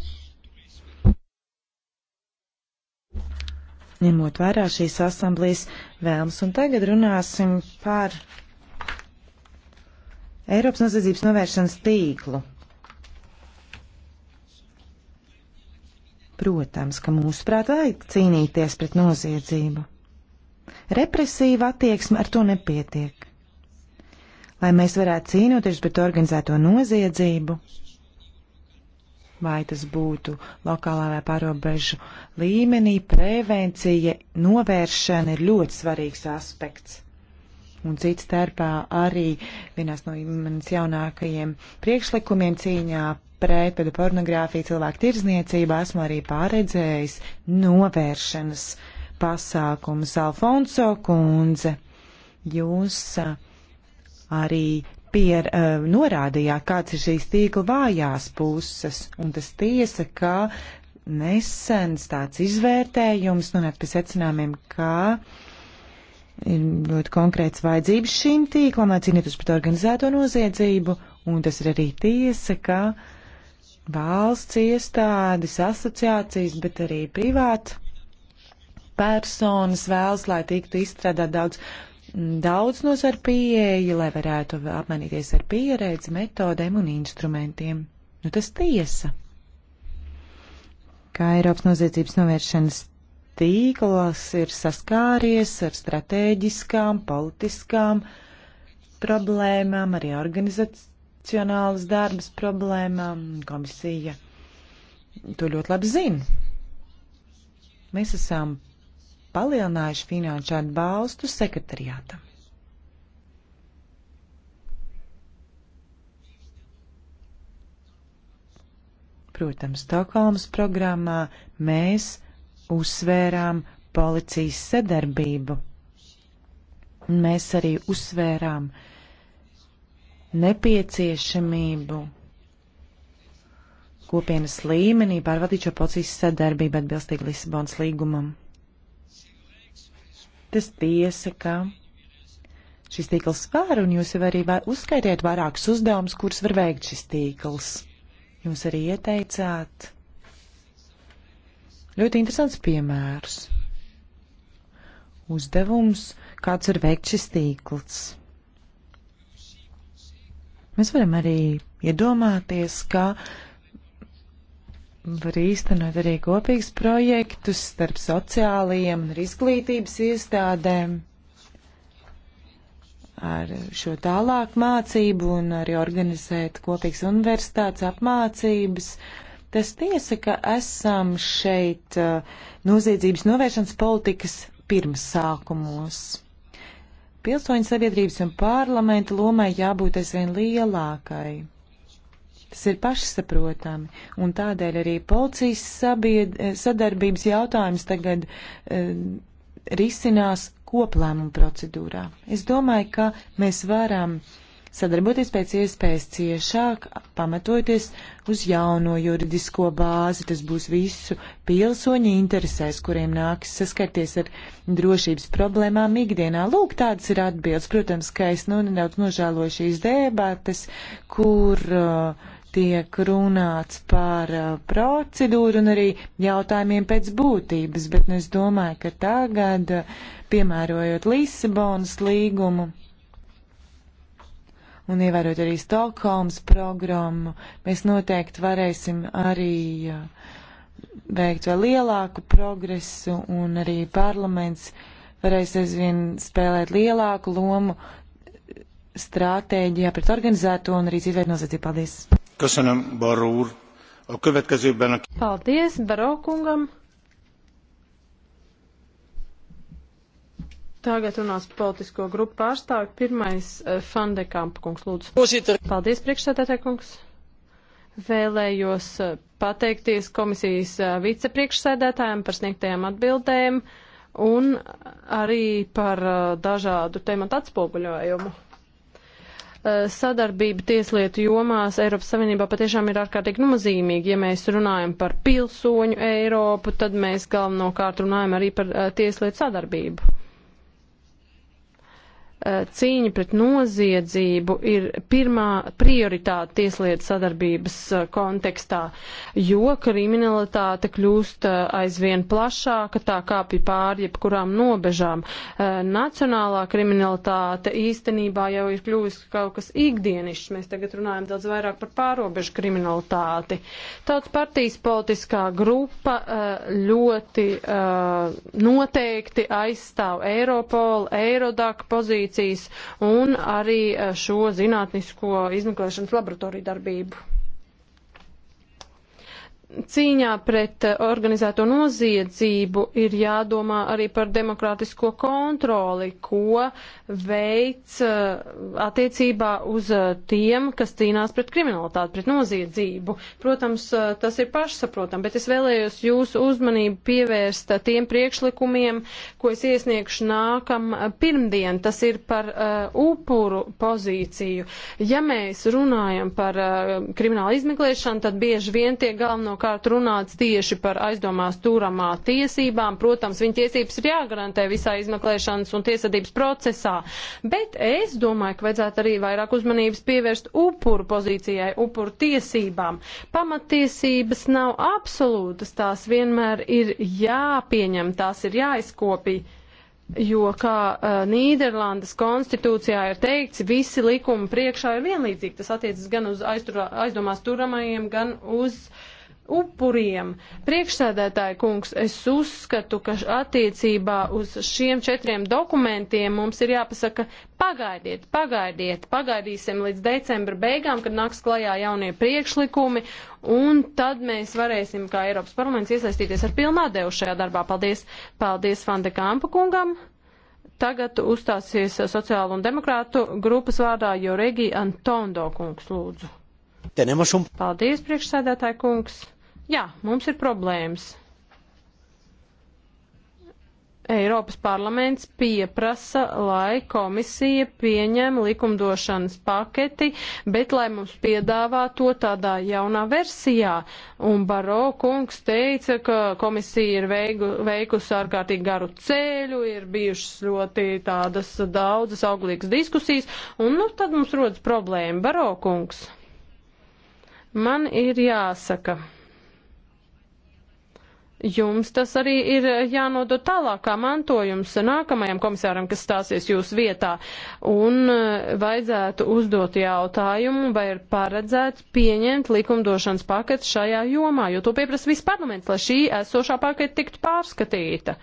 Ņemot vērā šīs asamblējas vēlmes, un tagad runāsim par Eiropas noziedzības novēršanas tīklu. Protams, ka mūsuprāt vajag cīnīties pret noziedzību. Represīva attieksme ar to nepietiek. Lai mēs varētu cīnoties pret organizēto noziedzību, vai tas būtu lokālā vai pārobežu līmenī, prevencija, novēršana ir ļoti svarīgs aspekts. Un cits starpā arī vienās no manas jaunākajiem priekšlikumiem cīņā pret pedopornogrāfiju, cilvēku tirzniecību esmu arī pārredzējis novēršanas pasākumus. Alfonso kundze, jūs arī pier, uh, norādījāt, kāds ir šīs tīkla vājās puses, un tas tiesa, ka nesens tāds izvērtējums nonāk pie secinājumiem, ka ir ļoti konkrēts vajadzības šim tīklam, lai cīnītos pret organizēto noziedzību, un tas ir arī tiesa, ka uh, valsts iestādes, asociācijas, bet arī privāts personas vēlas, lai tiktu izstrādāt daudz daudz nozar pieeja, lai varētu apmainīties ar pieredzi, metodēm un instrumentiem. Nu, tas tiesa. Kā Eiropas noziedzības novēršanas tīkls ir saskāries ar stratēģiskām, politiskām problēmām, arī organizācijas nacionālas darbas problēmām. Komisija to ļoti labi zina. Mēs esam palielinājuši finanšu atbalstu sekretariātam. Protams, Stokholmas programmā mēs uzsvērām policijas sadarbību. Mēs arī uzsvērām uh, nepieciešamību kopienas līmenī pārvaldīt šo policijas sadarbību atbilstīgi Lisabonas līgumam. Tas tiesa, ka šis tīkls var, un jūs jau arī uzskaitiet vairākus uzdevumus, kurus var veikt šis tīkls. Jūs arī ieteicāt ļoti interesants piemērs. Uzdevums, kāds var veikt šis tīkls. Mēs varam arī iedomāties, ka var īstenot arī kopīgus projektus starp sociālajiem un izglītības iestādēm ar šo tālāk mācību un arī organizēt kopīgas universitātes apmācības. Tas tiesa, ka esam šeit uh, noziedzības novēršanas politikas pirmsākumos. Pilsoņu sabiedrības un parlamenta lomai jābūt aizvien lielākai. Tas ir pašsaprotami, un tādēļ arī policijas sabied, sadarbības jautājums tagad e, risinās koplēmumu procedūrā. Es domāju, ka mēs varam uh, sadarboties pēc iespējas ciešāk, pamatojoties uz jauno juridisko bāzi. Tas būs visu pilsoņu interesēs, kuriem nāks saskarties ar drošības problēmām ikdienā. Lūk, tāds ir atbildes. Protams, ka es nu, nedaudz nožēloju šīs debates, kur. Uh, tiek runāts par uh, procedūru un arī jautājumiem pēc būtības, bet nu, es domāju, ka tagad, uh, piemērojot Lisabonas līgumu, un ievērot arī Stokholmas programmu, mēs noteikti varēsim arī uh, veikt vēl lielāku progresu un arī parlaments varēs aizvien spēlēt lielāku lomu stratēģijā pret organizēto un arī citveidu noziedzību. Paldies! Köszönöm, Baró úr! A következőben a... Paldies, Baró kungam! Tagad runās politisko grupu pārstāvi. Pirmais eh, - Fandekampa kungs, lūdzu. Paldies, priekšsēdētāj kungs. Vēlējos eh, pateikties komisijas eh, vicepriekšsēdētājiem par sniegtajām atbildēm un arī par dažādu tematu atspoguļojumu sadarbība tieslietu jomās Eiropas Savienībā patiešām ir ārkārtīgi nozīmīga. Ja mēs runājam par pilsoņu Eiropu, tad mēs galvenokārt runājam arī par tieslietu sadarbību. Eh, cīņa pret noziedzību ir pirmā prioritāte tieslietu sadarbības eh, kontekstā, jo kriminalitāte kļūst eh, aizvien plašāka, tā kāpja pāri jebkurām nobežām. Nacionālā kriminalitāte īstenībā jau ir kļuvusi kaut kas ikdienišs. Mēs tagad runājam daudz vairāk par pārobežu kriminalitāti. Tautas partijas politiskā grupa ļoti noteikti aizstāv Eiropolu, Eirodaku pozīciju investīcijas un arī eh, šo zinātnisko izmeklēšanas laboratoriju darbību cīņā pret eh, organizēto noziedzību ir jādomā arī par demokrātisko kontroli, ko veic eh, attiecībā uz eh, tiem, kas cīnās pret kriminalitāti, pret noziedzību. Protams, tas ir pašsaprotam, bet es vēlējos jūsu uzmanību pievērst tiem priekšlikumiem, ko es iesniegšu nākam pirmdien. Tas ir par uh, upuru pozīciju. Ja mēs runājam par uh, kriminālu izmeklēšanu, tad bieži vien tiek galveno galvenokārt runāts tieši par aizdomās turamā tiesībām. Protams, viņa tiesības ir jāgarantē visā izmeklēšanas un tiesvedības procesā. Bet es domāju, ka vajadzētu arī vairāk uzmanības pievērst upuru pozīcijai, upuru tiesībām. Pamattiesības nav absolūtas, tās vienmēr ir jāpieņem, tās ir jāizkopīja. Jo, kā uh, Nīderlandes konstitūcijā ir teikts, visi likumi priekšā ir vienlīdzīgi. Tas attiecas gan uz aizturā, aizdomās turamajiem, gan uz uh, upuriem. Priekšsēdētāja kungs, es uzskatu, ka attiecībā uz šiem četriem dokumentiem mums ir jāpasaka pagaidiet, pagaidiet, pagaidīsim līdz decembra beigām, kad nāks klajā jaunie priekšlikumi, un tad mēs varēsim kā Eiropas parlaments iesaistīties ar pilnā devu šajā darbā. Paldies, paldies Fande Kampa kungam. Tagad uzstāsies sociālu un demokrātu grupas vārdā Joregi Antondo kungs, lūdzu. Paldies, priekšsēdētāja kungs. Jā, mums ir problēmas. Eiropas parlaments pieprasa, lai komisija pieņem likumdošanas paketi, bet lai mums piedāvā to tādā jaunā versijā. Un Baro kungs teica, ka komisija ir veigu, veikusi ārkārtīgi garu ceļu, ir bijušas ļoti tādas daudzas auglīgas diskusijas, un nu, tad mums rodas problēma. Baro kungs, man ir jāsaka. Jums tas arī ir jānodod tālāk kā mantojums nākamajam komisāram, kas stāsies jūsu vietā. Un e, vajadzētu uzdot jautājumu, vai ir paredzēts pieņemt likumdošanas paketu šajā jomā, jo to pieprasa viss parlaments, lai šī esošā paketa tiktu pārskatīta.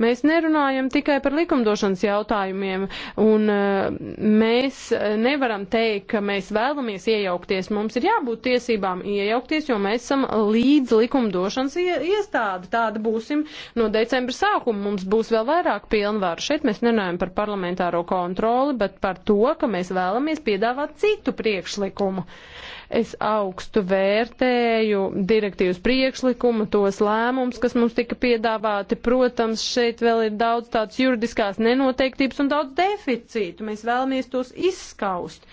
Mēs nerunājam tikai par likumdošanas jautājumiem, un eh, mēs eh, nevaram teikt, ka mēs vēlamies iejaukties. Mums ir jābūt tiesībām iejaukties, jo mēs esam līdz likumdošanas iestāde. Tāda būsim no decembra sākuma. Mums būs vēl vairāk pilnvaru. Šeit mēs nerunājam par parlamentāro kontroli, bet par to, ka mēs vēlamies piedāvāt citu priekšlikumu. Uh, Es augstu vērtēju direktīvas priekšlikumu, tos lēmums, kas mums tika piedāvāti. Protams, šeit vēl ir daudz tāds juridiskās nenoteiktības un daudz deficītu. Mēs vēlamies tos izskaust.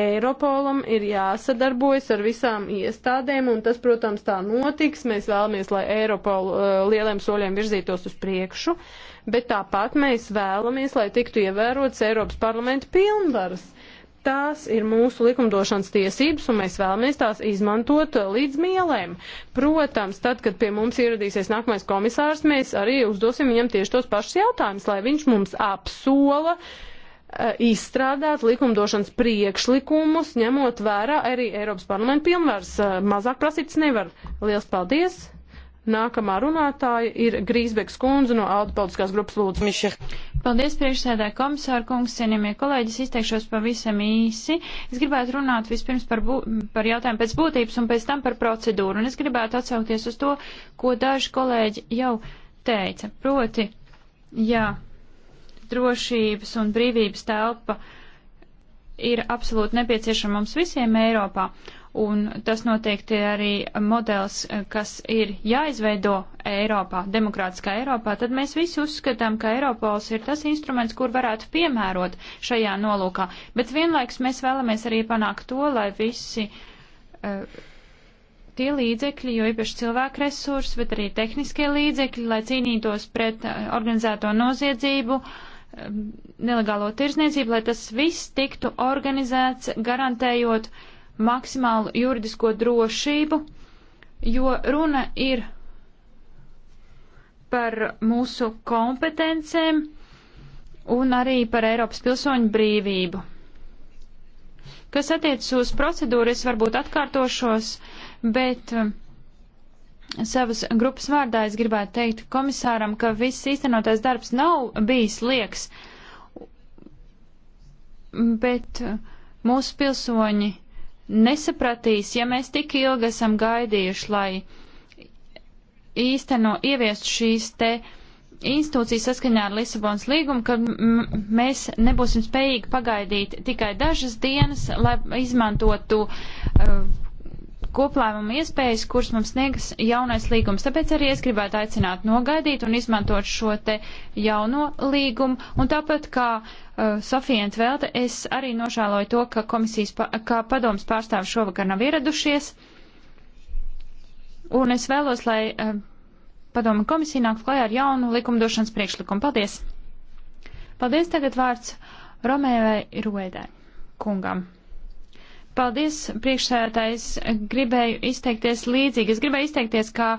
Eiropolam ir jāsadarbojas ar visām iestādēm, un tas, protams, tā notiks. Mēs vēlamies, lai Eiropol uh, lieliem soļiem virzītos uz priekšu, bet tāpat mēs vēlamies, lai tiktu ievērots Eiropas parlamenta pilnvaras. Tās ir mūsu likumdošanas tiesības, un mēs vēlamies tās izmantot līdz mielēm. Protams, tad, kad pie mums ieradīsies nākamais komisārs, mēs arī uzdosim viņam tieši tos pašus jautājumus, lai viņš mums apsola e, izstrādāt likumdošanas priekšlikumus, ņemot vērā arī Eiropas parlamenta pilnvars. E, mazāk prasīts nevar. Liels paldies! Nākamā runātāja ir Grīsbeks kundze no Alda politiskās grupas lūdzu. Miša. Paldies, priekšsēdē komisāra kungs, cienījamie kolēģis, izteikšos pavisam īsi. Es gribētu runāt vispirms par, bū, par jautājumu pēc būtības un pēc tam par procedūru. Un es gribētu atsaukties uz to, ko daži kolēģi jau teica. Proti, jā, drošības un brīvības telpa ir absolūti nepieciešama mums visiem Eiropā. Un tas noteikti ir arī modelis, kas ir jāizveido Eiropā, demokrātiskā Eiropā, tad mēs visi uzskatām, ka Eiropols ir tas instruments, kur varētu piemērot šajā nolūkā. Bet vienlaiks mēs vēlamies arī panākt to, lai visi uh, tie līdzekļi, jo īpaši cilvēku resursi, bet arī tehniskie līdzekļi, lai cīnītos pret uh, organizēto noziedzību, uh, nelegālo tirzniecību, lai tas viss tiktu organizēts, garantējot uh, maksimālu juridisko drošību, jo runa ir par mūsu kompetencēm un arī par Eiropas pilsoņu brīvību. Kas attiecas uz procedūru, es varbūt atkārtošos, bet um, savas grupas vārdā es gribētu teikt komisāram, ka viss īstenotais darbs nav bijis lieks, bet um, mūsu pilsoņi nesapratīs, ja mēs tik ilgi esam gaidījuši, lai īsteno ieviest šīs te institūcijas saskaņā ar Lisabonas līgumu, ka mēs nebūsim spējīgi pagaidīt tikai dažas dienas, lai izmantotu uh, koplēmuma iespējas, kuras mums sniegs jaunais līgums. Tāpēc arī es gribētu aicināt nogaidīt un izmantot šo te jauno līgumu. Un tāpat kā uh, Sofija Entvelte, es arī nožēloju to, ka komisijas, pa, kā padomas pārstāvi šovakar nav ieradušies. Un es vēlos, lai uh, padoma komisija nāk klajā ar jaunu likumdošanas priekšlikumu. Paldies! Paldies tagad vārds Romēvai Ruēdai kungam. Paldies, priekšsēdētājs. Gribēju izteikties līdzīgi. Es gribēju izteikties kā e,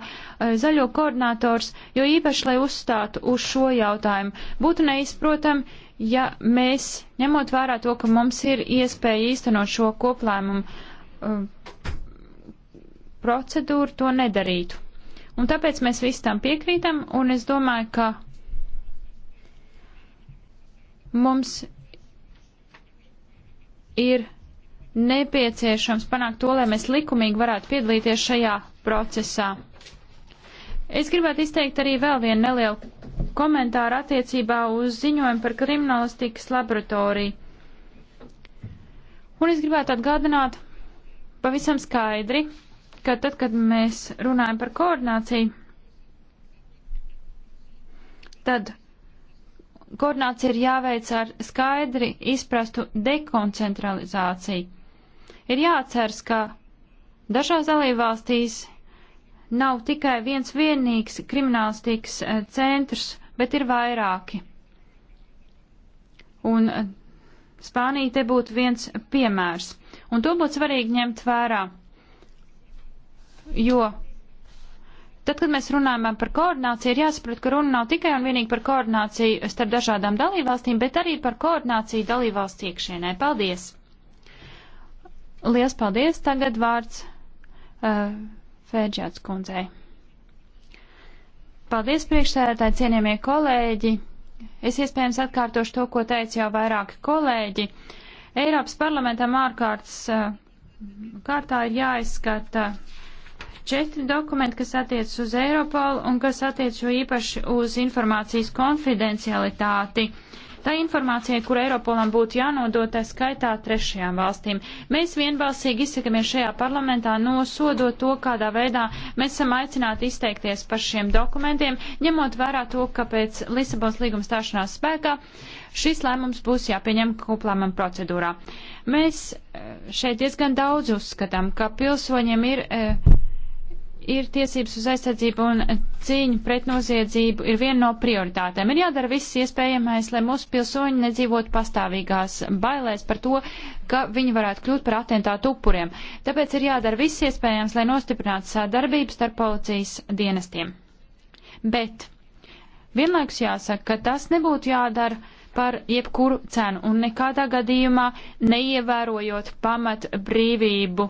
zaļo koordinators, jo īpaši, lai uzstātu uz šo jautājumu, būtu neizprotam, ja mēs, ņemot vērā to, ka mums ir iespēja īstenot šo koplēmumu e, procedūru, to nedarītu. Un tāpēc mēs visi tam piekrītam, un es domāju, ka mums ir nepieciešams panākt to, lai mēs likumīgi varētu piedalīties šajā procesā. Es gribētu izteikt arī vēl vienu nelielu komentāru attiecībā uz ziņojumu par kriminālistikas laboratoriju. Un es gribētu atgādināt pavisam skaidri, ka tad, kad mēs runājam par koordināciju, tad koordinācija ir jāveic ar skaidri izprastu dekoncentralizāciju. Ir jāatceras, ka dažās dalībvalstīs nav tikai viens vienīgs kriminālistikas eh, centrs, bet ir vairāki. Un eh, Spānija te būtu viens piemērs. Un to būtu svarīgi ņemt vērā. Jo tad, kad mēs runājam par koordināciju, ir jāsaprot, ka runa nav tikai un vienīgi par koordināciju starp dažādām dalībvalstīm, bet arī par koordināciju dalībvalstu iekšienē. Paldies! Lielas paldies! Tagad vārds uh, Fēģēts kundzei. Paldies priekšsēdētāji, cienījamie kolēģi! Es iespējams atkārtošu to, ko teica jau vairāki kolēģi. Eiropas parlamentam ārkārtas uh, kārtā ir jāizskata četri dokumenti, kas attiec uz Eiropolu un kas attiec jo īpaši uz informācijas konfidencialitāti. Uh, Tā informācija, kur Eiropolam būtu jānodot, tā skaitā trešajām valstīm. Mēs vienbalsīgi izsakamies šajā parlamentā nosodot to, kādā veidā mēs esam aicināti izteikties par šiem dokumentiem, ņemot vērā to, ka pēc Lisabons līguma stāšanās spēkā šis lēmums būs jāpieņem koplēmuma procedūrā. Mēs eh, šeit diezgan daudz uzskatām, ka pilsoņiem ir. E, ir tiesības uz aizsardzību un cīņu pret noziedzību ir viena no prioritātēm. Ir jādara viss iespējamais, lai mūsu pilsoņi nedzīvotu pastāvīgās bailēs par to, ka viņi varētu kļūt par atentātu upuriem. Tāpēc ir jādara viss iespējams, lai nostiprinātu sadarbību starp policijas dienestiem. Bet vienlaikus jāsaka, ka tas nebūtu jādara par jebkuru cenu un nekādā gadījumā neievērojot pamat brīvību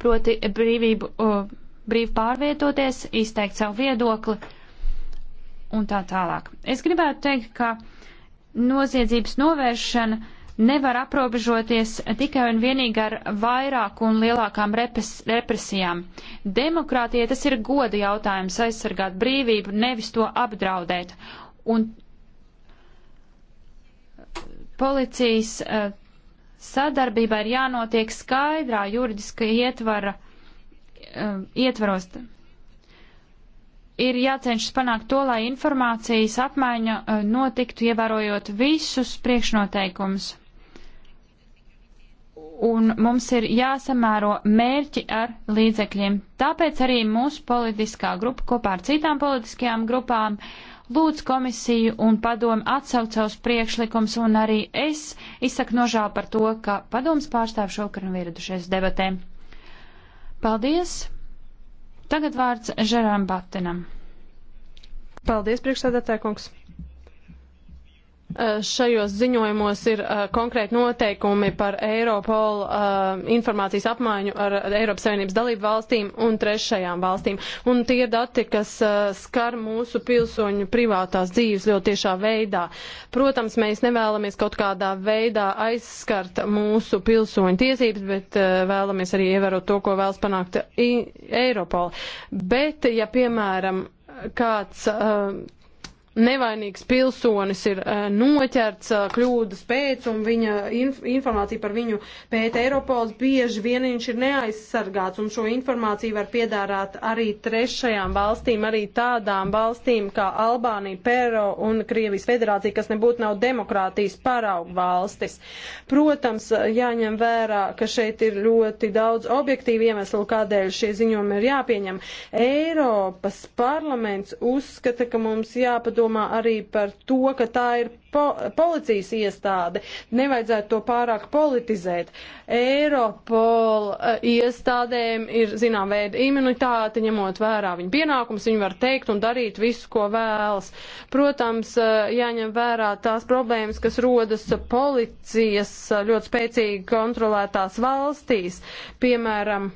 proti brīvību uh, brīvi pārvietoties, izteikt savu viedokli un tā tālāk. Es gribētu teikt, ka noziedzības novēršana nevar aprobežoties tikai un vienīgi ar vairāk un lielākām repes, represijām. Demokrātija tas ir goda jautājums aizsargāt brīvību, nevis to apdraudēt. Un policijas eh, sadarbībā ir jānotiek skaidrā juridiska ietvara uh, um, ietvaros ir jācenšas panākt to, lai informācijas apmaiņa uh, notiktu ievērojot visus priekšnoteikumus. Un mums ir jāsamēro mērķi ar līdzekļiem. Tāpēc arī mūsu politiskā grupa kopā ar citām politiskajām grupām lūdz komisiju un padomu atsaukt savus priekšlikums, un arī es izsaku nožēlu par to, ka padomas pārstāvju šokar nav ieradušies debatēm. Paldies! Tagad vārds Žeram Batenam. Paldies, priekšsēdētāj kungs! Eh, šajos ziņojumos ir uh, konkrēti noteikumi par Eiropolu uh, eh, informācijas apmaiņu ar Eiropas Savienības dalību valstīm un trešajām valstīm. Un tie ir dati, kas uh, skar mūsu pilsoņu privātās dzīves ļoti tiešā veidā. Protams, mēs nevēlamies kaut kādā veidā aizskart mūsu pilsoņu tiesības, bet uh, vēlamies arī ievērot to, ko vēlas panākt Eiropola. Bet, ja piemēram kāds. Uh, nevainīgs pilsonis ir eh, noķerts eh, kļūdas pēc un viņa inf informācija par viņu pēta Eiropols, bieži vien viņš ir neaizsargāts un šo informāciju var piedārāt arī trešajām valstīm, arī tādām valstīm kā Albānija, Pero un Krievijas federācija, kas nebūtu nav demokrātijas paraugu valstis. Protams, eh, jāņem vērā, ka šeit ir ļoti daudz objektīvu iemeslu, kādēļ šie ziņojumi ir jāpieņem. Eiropas parlaments uzskata, ka mums jāpadod jāpadomā arī par to, ka tā ir po policijas iestāde. Nevajadzētu to pārāk politizēt. Eiropol eh, iestādēm ir zinām veida imunitāte, ņemot vērā viņu pienākums, viņi var teikt un darīt visu, ko vēlas. Protams, eh, jāņem vērā tās problēmas, kas rodas policijas eh, ļoti spēcīgi kontrolētās valstīs. Piemēram,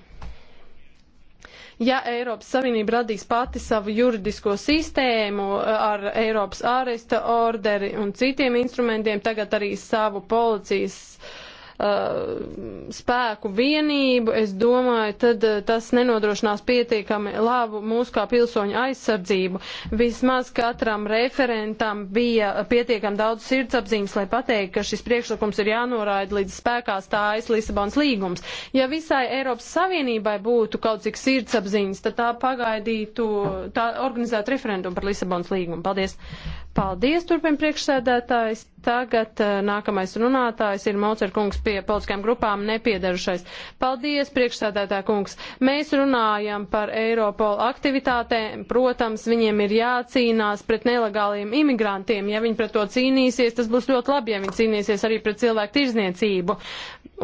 Ja Eiropas Savienība radīs pati savu juridisko sistēmu eh, ar Eiropas āresta orderi un citiem instrumentiem, tagad arī savu policijas uh, uh, spēku vienību, es domāju, tad uh, tas nenodrošinās pietiekami labu mūsu kā pilsoņu aizsardzību. Vismaz katram referentam bija pietiekami daudz sirdsapziņas, lai pateikt, ka šis priekšlikums ir jānoraida līdz spēkā stājas Lisabons līgums. Ja visai Eiropas Savienībai būtu kaut cik sirdsapziņas, tad tā pagaidītu, tā organizētu referendumu par Lisabons līgumu. Paldies! Paldies, turpin priekšsēdētājs! Tagad uh, nākamais runātājs ir Maucer kungs pie politiskām grupām nepiedarušais. Paldies, priekšstādātā kungs. Mēs runājam par Eiropolu aktivitātēm. Protams, viņiem ir jācīnās pret nelegāliem imigrantiem. Ja viņi pret to cīnīsies, tas būs ļoti labi, ja viņi cīnīsies arī pret cilvēku tirzniecību.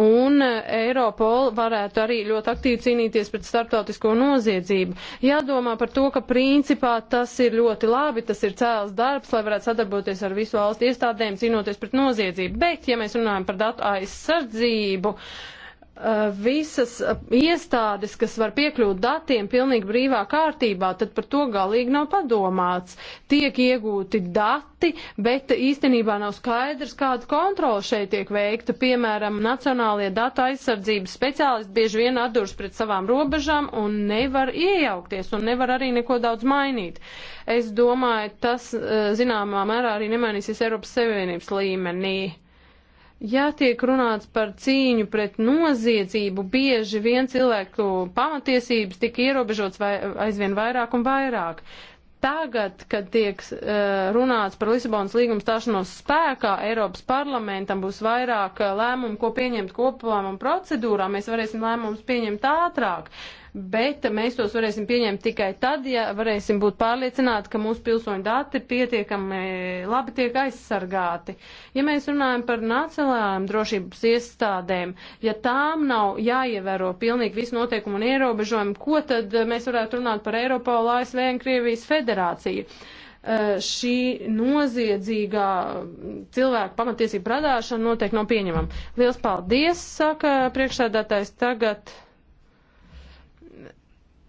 Un uh, eh, Eiropola varētu arī ļoti aktīvi cīnīties pret starptautisko noziedzību. Jādomā par to, ka principā tas ir ļoti labi, tas ir cēls darbs, lai varētu sadarboties ar visu valstu iestādēm, cīnīties cīnoties pret noziedzību. Bet, ja mēs runājam par datu aizsardzību, uh, Eh, visas eh, iestādes, kas var piekļūt datiem pilnīgi brīvā kārtībā, tad par to galīgi nav padomāts. Tiek iegūti dati, bet īstenībā nav skaidrs, kāda kontrola šeit tiek veikta. Piemēram, Nacionālie data aizsardzības speciālisti bieži vien atdurs pret savām robežām un nevar iejaukties un nevar arī neko daudz mainīt. Es domāju, tas eh, zināmā mērā arī nemainīsies Eiropas Savienības līmenī. Ja tiek runāts par cīņu pret noziedzību, bieži vien cilvēku pamatiesības tika ierobežots vai, aizvien vairāk un vairāk. Tagad, kad tiek uh, runāts par Lisabonas līgumu stāšanos spēkā, Eiropas parlamentam būs vairāk eh, lēmumu, ko pieņemt kopulēmumu procedūrā, mēs varēsim lēmumus pieņemt ātrāk. Uh, bet mēs tos varēsim pieņemt tikai tad, ja varēsim būt pārliecināti, ka mūsu pilsoņu dati pietiekami labi tiek aizsargāti. Ja mēs runājam par nacionālām drošības iestādēm, ja tām nav jāievēro pilnīgi visu noteikumu un ierobežojumu, ko tad mēs varētu runāt par Eiropolu, ASV un Krievijas federāciju? Eh, šī noziedzīgā cilvēku pamatiesība radāšana noteikti nav pieņemama. Liels paldies, saka priekšsēdētājs tagad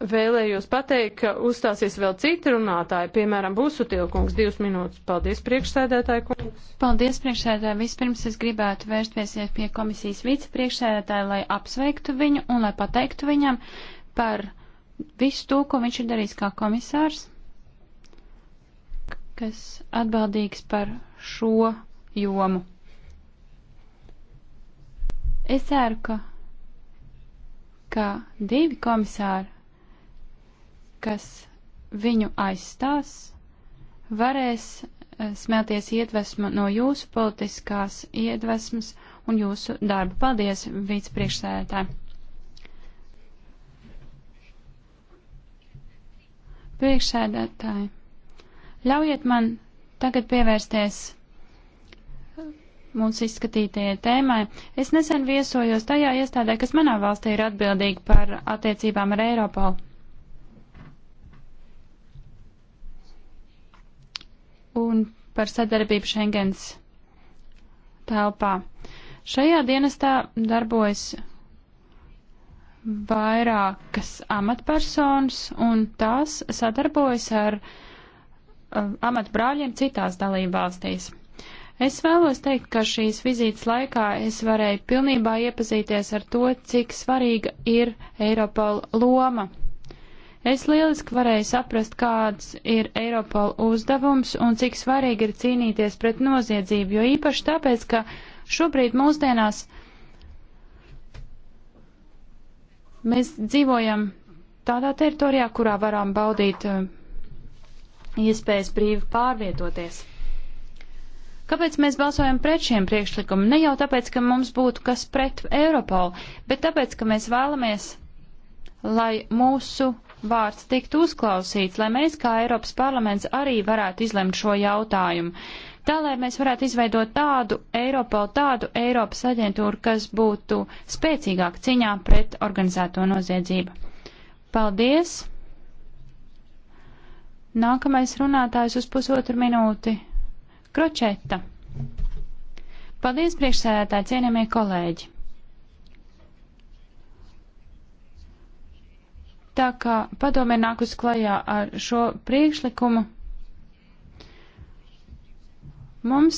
vēlējos pateikt, ka uzstāsies vēl citi runātāji, piemēram, Busutilkungs, divas minūtes. Paldies, priekšsēdētāji kungs. Paldies, priekšsēdētāji. Vispirms es gribētu vērsties pie komisijas vicepriekšsēdētāja, lai apsveiktu viņu un lai pateiktu viņam par visu to, ko viņš ir darījis kā komisārs, kas atbildīgs par šo jomu. Es ceru, ka, ka divi komisāri kas viņu aizstās, varēs eh, smelties iedvesmu no jūsu politiskās iedvesmas un jūsu darba. Paldies, vicepriekšsēdētāji! Priekšsēdētāji, ļaujiet man tagad pievērsties mums izskatītajai tēmai. Es nesen viesojos tajā iestādē, kas manā valstī ir atbildīga par attiecībām ar Eiropolu. un par sadarbību Schengens telpā. Šajā dienestā darbojas vairākas amatpersonas, un tās sadarbojas ar uh, amatbrāļiem citās dalībvalstīs. Es vēlos teikt, ka šīs vizītes laikā es varēju pilnībā iepazīties ar to, cik svarīga ir Eiropola loma Es lieliski varēju saprast, kāds ir Eiropola uzdevums un cik svarīgi ir cīnīties pret noziedzību, jo īpaši tāpēc, ka šobrīd mūsdienās mēs dzīvojam tādā teritorijā, kurā varam baudīt eh, iespējas brīvi pārvietoties. Kāpēc mēs balsojam pret šiem priekšlikumiem? Ne jau tāpēc, ka mums būtu kas pret Eiropolu, bet tāpēc, ka mēs vēlamies, lai mūsu vārds tiktu uzklausīts, lai mēs kā Eiropas parlaments arī varētu izlemt šo jautājumu. Tā, lai mēs varētu izveidot tādu Eiropu, tādu Eiropas aģentūru, kas būtu spēcīgāk ciņā pret organizēto noziedzību. Paldies! Nākamais runātājs uz pusotru minūti - Kročeta. Paldies, priekšsēdētāji, cienījamie kolēģi! tā kā padomē nāk uz klajā ar šo priekšlikumu, mums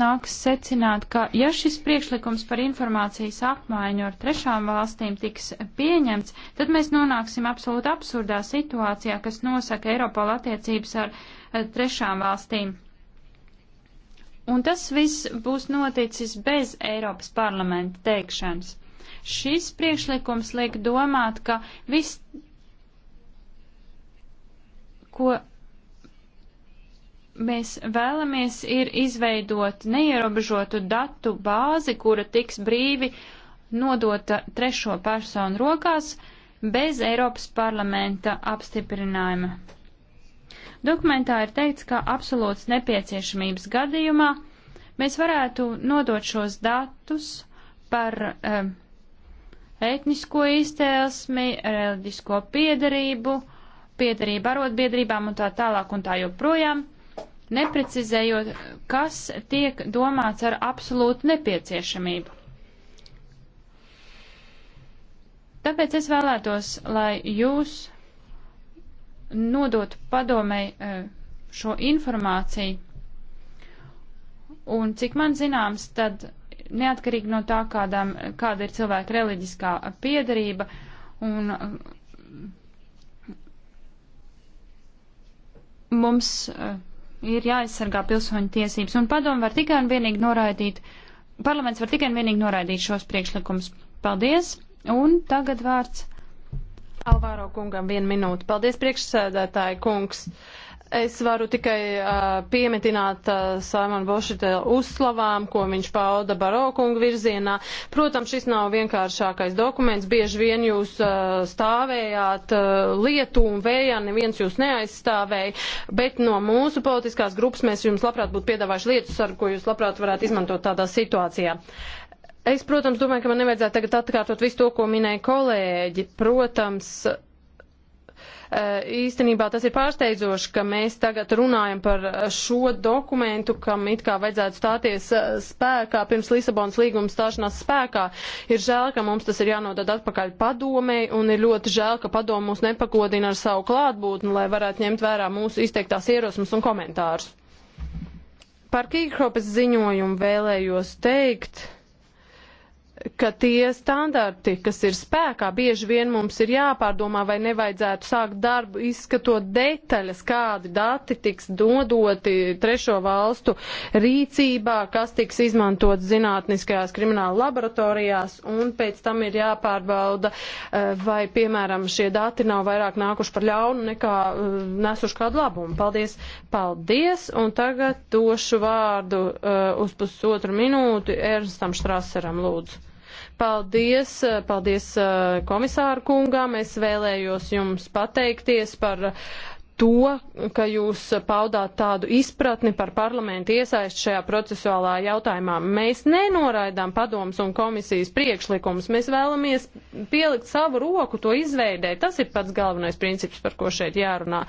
nāks secināt, ka ja šis priekšlikums par informācijas apmaiņu ar trešām valstīm tiks pieņemts, tad mēs nonāksim absolūti absurdā situācijā, kas nosaka Eiropola attiecības ar, ar trešām valstīm. Un tas viss būs noticis bez Eiropas parlamenta teikšanas šis priekšlikums liek domāt, ka viss ko mēs vēlamies, ir izveidot neierobežotu datu bāzi, kura tiks brīvi nodota trešo personu rokās bez Eiropas parlamenta apstiprinājuma. Dokumentā ir teikts, ka absolūts nepieciešamības gadījumā mēs varētu nodot šos datus par um, etnisko izcēlesmi, reliģisko piedarību, uh, piedarība arotbiedrībām un tā tālāk un tā joprojām, neprecizējot, kas tiek domāts ar absolūtu nepieciešamību. Tāpēc es vēlētos, lai jūs nodotu padomēji e, šo informāciju. Un cik man zināms, tad neatkarīgi no tā, kādam, kāda ir cilvēka reliģiskā piedarība un mums uh, ir jāaizsargā pilsoņu tiesības, un padomu var tikai un vienīgi noraidīt, parlaments var tikai un vienīgi noraidīt šos priekšlikumus. Paldies, un tagad vārds. Alvāro kungam vienu minūti. Paldies, priekšsēdētāji kungs. Uh, Es varu tikai uh, piemetināt uh, Saimonu Bošita uzslavām, ko viņš pauda barokunga virzienā. Protams, šis nav vienkāršākais dokuments. Bieži vien jūs uh, stāvējāt uh, lietu un vējā, neviens jūs neaizstāvēja, bet no mūsu politiskās grupas mēs jums labprāt būtu piedāvājuši lietas, ar ko jūs labprāt varētu izmantot tādā situācijā. Es, protams, domāju, ka man nevajadzētu tagad atkārtot visu to, ko minēja kolēģi. Protams, uh, Eh, īstenībā tas ir pārsteidzoši, ka mēs tagad runājam par šo dokumentu, kam it kā vajadzētu stāties eh, spēkā pirms Lisabonas līguma stāšanās spēkā. Ir žēl, ka mums tas ir jānodod atpakaļ padomēji, un ir ļoti žēl, ka padomu mūs nepagodina ar savu klātbūtni, lai varētu ņemt vērā mūsu izteiktās ierosmes un komentārus. Par Kīkropes ziņojumu vēlējos teikt ka tie standarti, kas ir spēkā, bieži vien mums ir jāpārdomā, vai nevajadzētu sākt darbu izskatot detaļas, kādi dati tiks dodoti trešo valstu rīcībā, kas tiks izmantot zinātniskajās krimināla laboratorijās, un pēc tam ir jāpārbauda, eh, vai, piemēram, šie dati nav vairāk nākuši par ļaunu nekā eh, nesuši kādu labumu. Paldies! Paldies! Un tagad došu vārdu uh, uz pusotru minūti Ernstam Štraseram, lūdzu. Paldies, paldies eh, komisāru kungām. Es vēlējos jums pateikties par to, ka jūs paudāt tādu izpratni par parlamentu iesaist šajā procesuālā jautājumā. Mēs nenoraidām padomus un komisijas priekšlikumus, mēs vēlamies pielikt savu roku to izveidē. Tas ir pats galvenais princips, par ko šeit jārunā.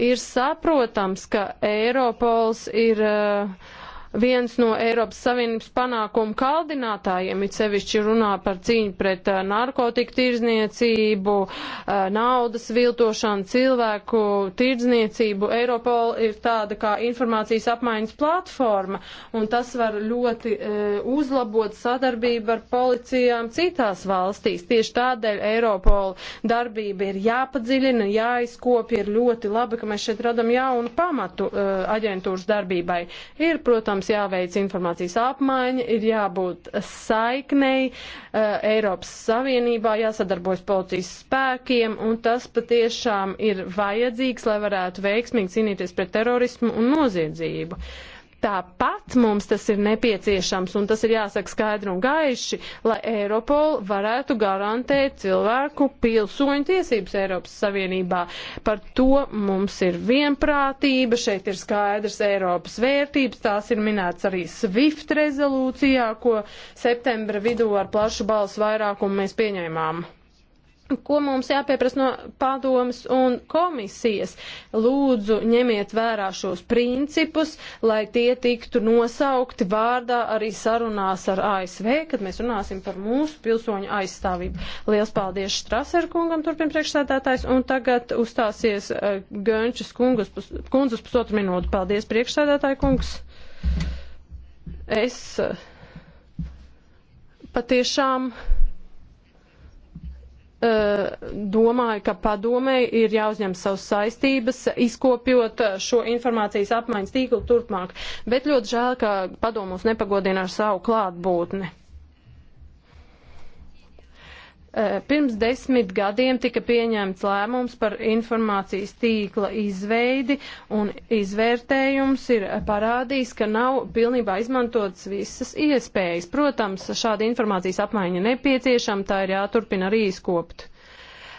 Ir saprotams, ka Eiropols ir uh, viens no Eiropas Savienības panākumu kaldinātājiem, it sevišķi runā par cīņu pret uh, narkotiku tirdzniecību, uh, naudas viltošanu, cilvēku tirdzniecību. Eiropol ir tāda kā informācijas apmaiņas platforma, un tas var ļoti uh, uzlabot sadarbību ar policijām citās valstīs. Tieši tādēļ Eiropola darbība ir jāpadziļina, jāizkopja, ir ļoti labi, ka mēs šeit radam jaunu pamatu uh, aģentūras darbībai. Ir, protams, Protams, jāveic informācijas apmaiņa, ir jābūt saiknei eh, Eiropas Savienībā, jāsadarbojas policijas spēkiem, un tas patiešām ir vajadzīgs, lai varētu veiksmīgi cīnīties pret terorismu un noziedzību. Uh, Tāpat mums tas ir nepieciešams, un tas ir jāsaka skaidri un gaiši, lai Eiropola varētu garantēt cilvēku pilsoņu tiesības Eiropas Savienībā. Par to mums ir vienprātība, šeit ir skaidrs Eiropas vērtības, tās ir minēts arī SWIFT rezolūcijā, ko septembra vidū ar plašu balsu vairākumu mēs pieņēmām ko mums jāpieprasa no padomas un komisijas. Lūdzu, ņemiet vērā šos principus, lai tie tiktu nosaukti vārdā arī sarunās ar ASV, kad mēs runāsim par mūsu pilsoņu aizstāvību. Lielas paldies Štraser kungam, turpin priekšsēdētājs, un tagad uzstāsies uh, eh, Gönčas kungas, pus, kundzes pusotru minūtu. Paldies, priekšsēdētāji kungs. Es uh, patiešām. Uh, Eh, domāju, ka padomēji ir jāuzņem savas saistības, izkopjot eh, šo informācijas apmaiņas tīklu turpmāk, bet ļoti žēl, ka padomus nepagodina ar savu klātbūtni. Eh, pirms desmit gadiem tika pieņemts lēmums par informācijas tīkla izveidi, un izvērtējums ir parādījis, ka nav pilnībā izmantotas visas iespējas. Protams, šāda informācijas apmaiņa nepieciešama, tā ir jāturpina arī izkopt.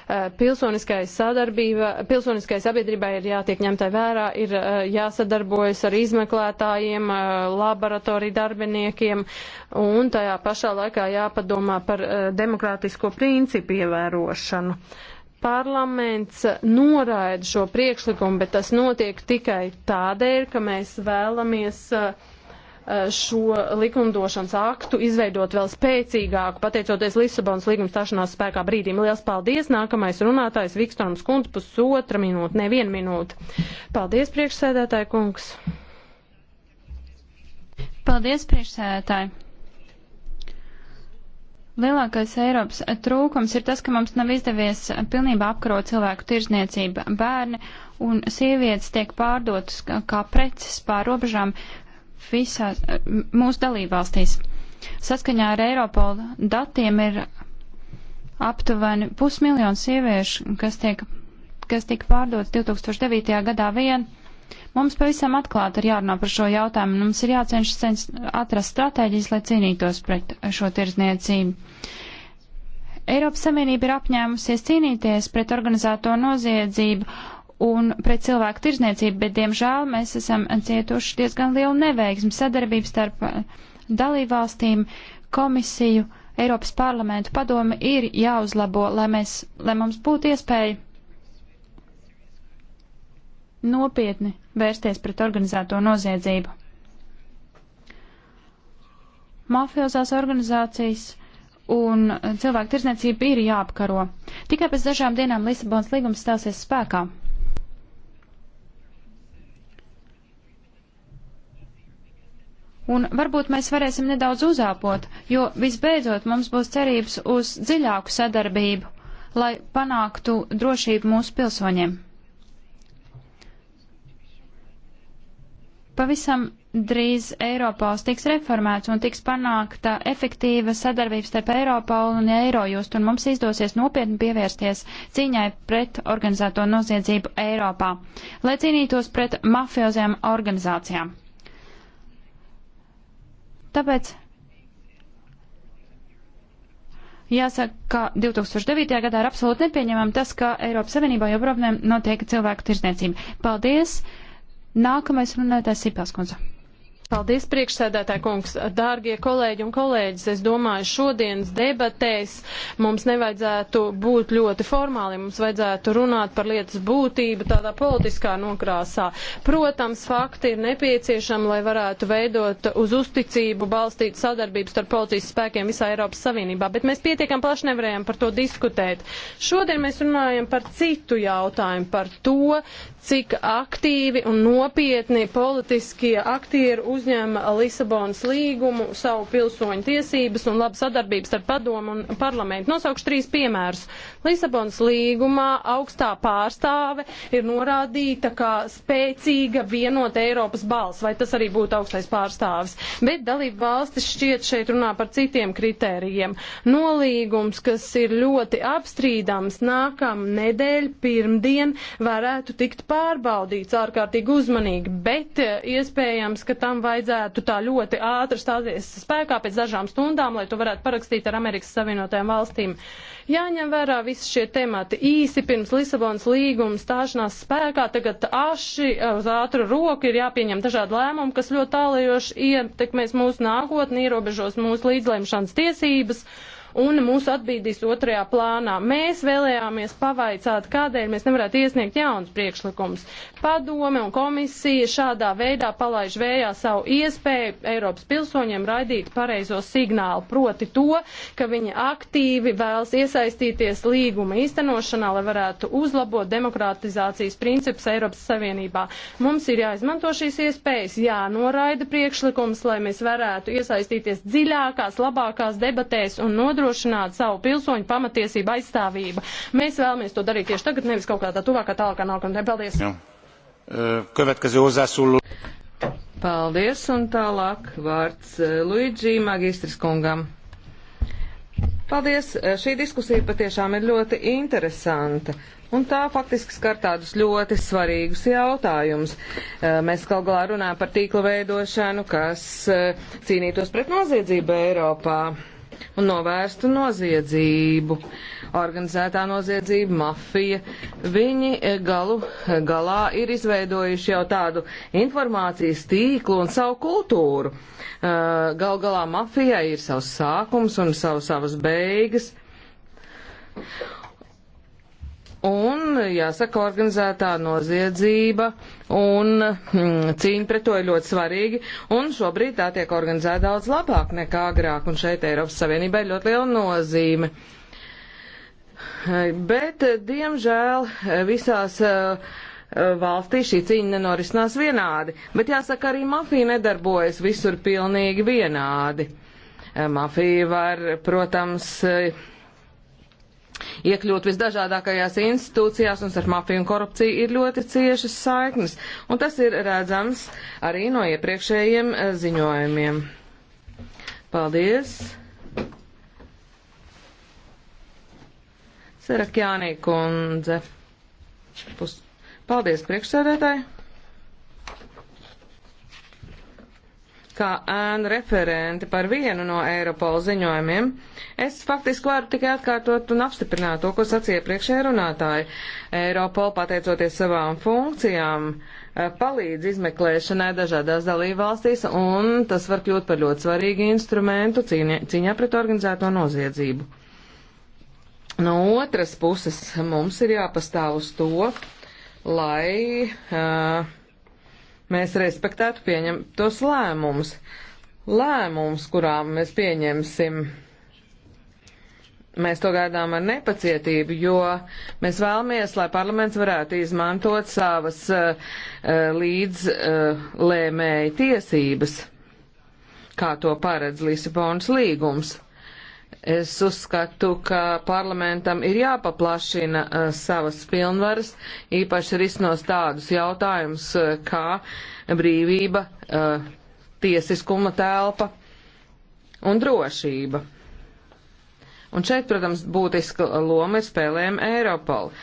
Eh, pilsoniskai sadarbība, pilsoniskai sabiedrībai ir jātiek ņemtai vērā, ir eh, jāsadarbojas ar izmeklētājiem, eh, laboratoriju darbiniekiem un tajā pašā laikā jāpadomā par demokrātisko principu ievērošanu parlaments noraida šo priekšlikumu, bet tas notiek tikai tādēļ, ka mēs vēlamies uh, Eh, šo likumdošanas aktu izveidot vēl spēcīgāku, pateicoties Lisabonas līguma stāšanās spēkā brīdim. Liels paldies! Nākamais runātājs Vikstons Kunds pusotra minūte, neviena minūte. Paldies, priekšsēdētāji kungs! Paldies, priekšsēdētāji! Lielākais Eiropas trūkums ir tas, ka mums nav izdevies pilnībā apkarot cilvēku tirzniecību. Bērni un sievietes tiek pārdotas kā preces pār robežām visā mūsu dalībvalstīs. Saskaņā ar Eiropola datiem ir aptuveni pusmiljons sieviešu, kas tiek kas tika pārdots 2009. gadā vien. Mums pavisam atklāti ir jārunā par šo jautājumu, un mums ir jācenšas atrast stratēģijas, lai cīnītos pret šo tirzniecību. Eiropas Savienība ir apņēmusies cīnīties pret organizēto noziedzību un pret cilvēku tirzniecību, bet, diemžēl, mēs esam cietuši diezgan lielu neveiksmi sadarbību starp eh, dalībvalstīm, komisiju, Eiropas parlamentu padomi ir jāuzlabo, lai, mēs, lai mums būtu iespēja nopietni vērsties pret organizēto noziedzību. Mafiozās organizācijas un cilvēku tirzniecība ir jāapkaro. Tikai pēc dažām dienām Lisabons līgums stāsies spēkā. Un varbūt mēs varēsim nedaudz uzāpot, jo visbeidzot mums būs cerības uz dziļāku sadarbību, lai panāktu drošību mūsu pilsoņiem. Pavisam drīz Eiropols tiks reformēts un tiks panākta efektīva sadarbības starp Eiropolu un Eirojust, un mums izdosies nopietni pievērsties cīņai pret organizēto noziedzību Eiropā, lai cīnītos pret mafioziem organizācijām. Tāpēc jāsaka, ka 2009. gadā ir absolūti nepieņemami tas, ka Eiropas Savienībā joprojām notiek cilvēku tirsniecība. Paldies! Nākamais runātājs Sipelskundze. Paldies, priekšsēdētāji kungs, dārgie kolēģi un kolēģis. Es domāju, šodienas debatēs mums nevajadzētu būt ļoti formāli, mums vajadzētu runāt par lietas būtību tādā politiskā nokrāsā. Protams, fakti ir nepieciešami, lai varētu veidot uz uzticību balstīt sadarbības starp policijas spēkiem visā Eiropas Savienībā, bet mēs pietiekam plaši nevarējām par to diskutēt. Šodien mēs runājam par citu jautājumu, par to, cik aktīvi un nopietni politiskie aktieri uz uzņēma Lisabonas līgumu, savu pilsoņu tiesības un labu sadarbības ar padomu un parlamentu. Nosaukšu trīs piemērus. Lisabonas līgumā augstā pārstāve ir norādīta kā spēcīga vienota Eiropas balss, vai tas arī būtu augstais pārstāvis. Bet dalību valstis šķiet šeit runā par citiem kritērijiem. Nolīgums, kas ir ļoti apstrīdams, nākam nedēļ pirmdien varētu tikt pārbaudīts ārkārtīgi uzmanīgi, bet eh, iespējams, ka tam var vajadzētu tā ļoti ātri stāties spēkā pēc dažām stundām, lai to varētu parakstīt ar Amerikas Savienotajām valstīm. Jāņem vērā visi šie temati īsi pirms Lisabonas līguma stāšanās spēkā, tagad aši eh, uz ātru roku ir jāpieņem dažādi lēmumi, kas ļoti tālajoši ietekmēs mūsu nākotni, ierobežos mūsu līdzlēmšanas tiesības. Uh, un mūs atbīdīs otrajā plānā. Mēs vēlējāmies pavaicāt, kādēļ mēs nevarētu iesniegt jaunas priekšlikumus. Padome un komisija šādā veidā palaiž vējā savu iespēju Eiropas pilsoņiem raidīt pareizo signālu, proti to, ka viņi aktīvi vēlas iesaistīties līguma īstenošanā, lai varētu uzlabot demokratizācijas principus Eiropas Savienībā. Mums ir jāizmanto šīs iespējas, jānoraida priekšlikums, lai mēs varētu iesaistīties dziļākās, labākās debatēs un nodrošināt nodrošināt savu pilsoņu pamatiesību aizstāvību. Mēs vēlamies to darīt tieši tagad, nevis kaut kādā tuvākā tālākā nākotnē. Paldies! Jā. Következő hozzászóló. Paldies, un tālāk vārds Luidžī magistris kungam. Paldies, šī diskusija patiešām ir ļoti interesanta, un tā faktiski skar tādus ļoti svarīgus jautājumus. Mēs kaut galā runājam par tīkla veidošanu, kas cīnītos pret noziedzību Eiropā un novērstu noziedzību. Organizētā noziedzība, mafija, viņi eh, galu galā ir izveidojuši jau tādu informācijas tīklu un savu kultūru. Eh, gal galā mafijai ir savs sākums un savu, savas beigas. Un, jāsaka, organizētā noziedzība un mm, cīņa pret to ir ļoti svarīgi, un šobrīd tā tiek organizēta daudz labāk nekā agrāk, un šeit Eiropas Savienībai ir ļoti liela nozīme. Bet, diemžēl, visās uh, eh, valstī šī cīņa nenorisinās vienādi, bet jāsaka, arī mafija nedarbojas visur pilnīgi vienādi. Eh, mafija var, protams, uh, iekļūt visdažādākajās institūcijās un ar mafiju un korupciju ir ļoti ciešas saiknes, un tas ir redzams arī no iepriekšējiem eh, ziņojumiem. Paldies! Serakjānī kundze. Pus. Paldies priekšsēdētāji! kā ēnu referenti par vienu no Eiropola ziņojumiem, es faktiski varu tikai atkārtot un apstiprināt to, ko sacīja priekšējā runātāja. Eiropola, pateicoties savām funkcijām, eh, palīdz izmeklēšanai dažādās dalībvalstīs, un tas var kļūt par ļoti svarīgu instrumentu cīņā pret organizēto noziedzību. No otras puses, mums ir jāpastāv uz to, lai uh, mēs respektētu pieņemtos lēmumus. Lēmumus, kurām mēs pieņemsim, mēs to gaidām ar nepacietību, jo mēs vēlamies, lai parlaments varētu izmantot savas uh, līdz uh, lēmēja tiesības, kā to paredz Lisabonas līgums. Es uzskatu, ka parlamentam ir jāpaplašina uh, savas pilnvaras, īpaši risnos tādus jautājumus, uh, kā brīvība, uh, tiesiskuma telpa un drošība. Un šeit, protams, būtiska loma ir spēlējama Eiropola.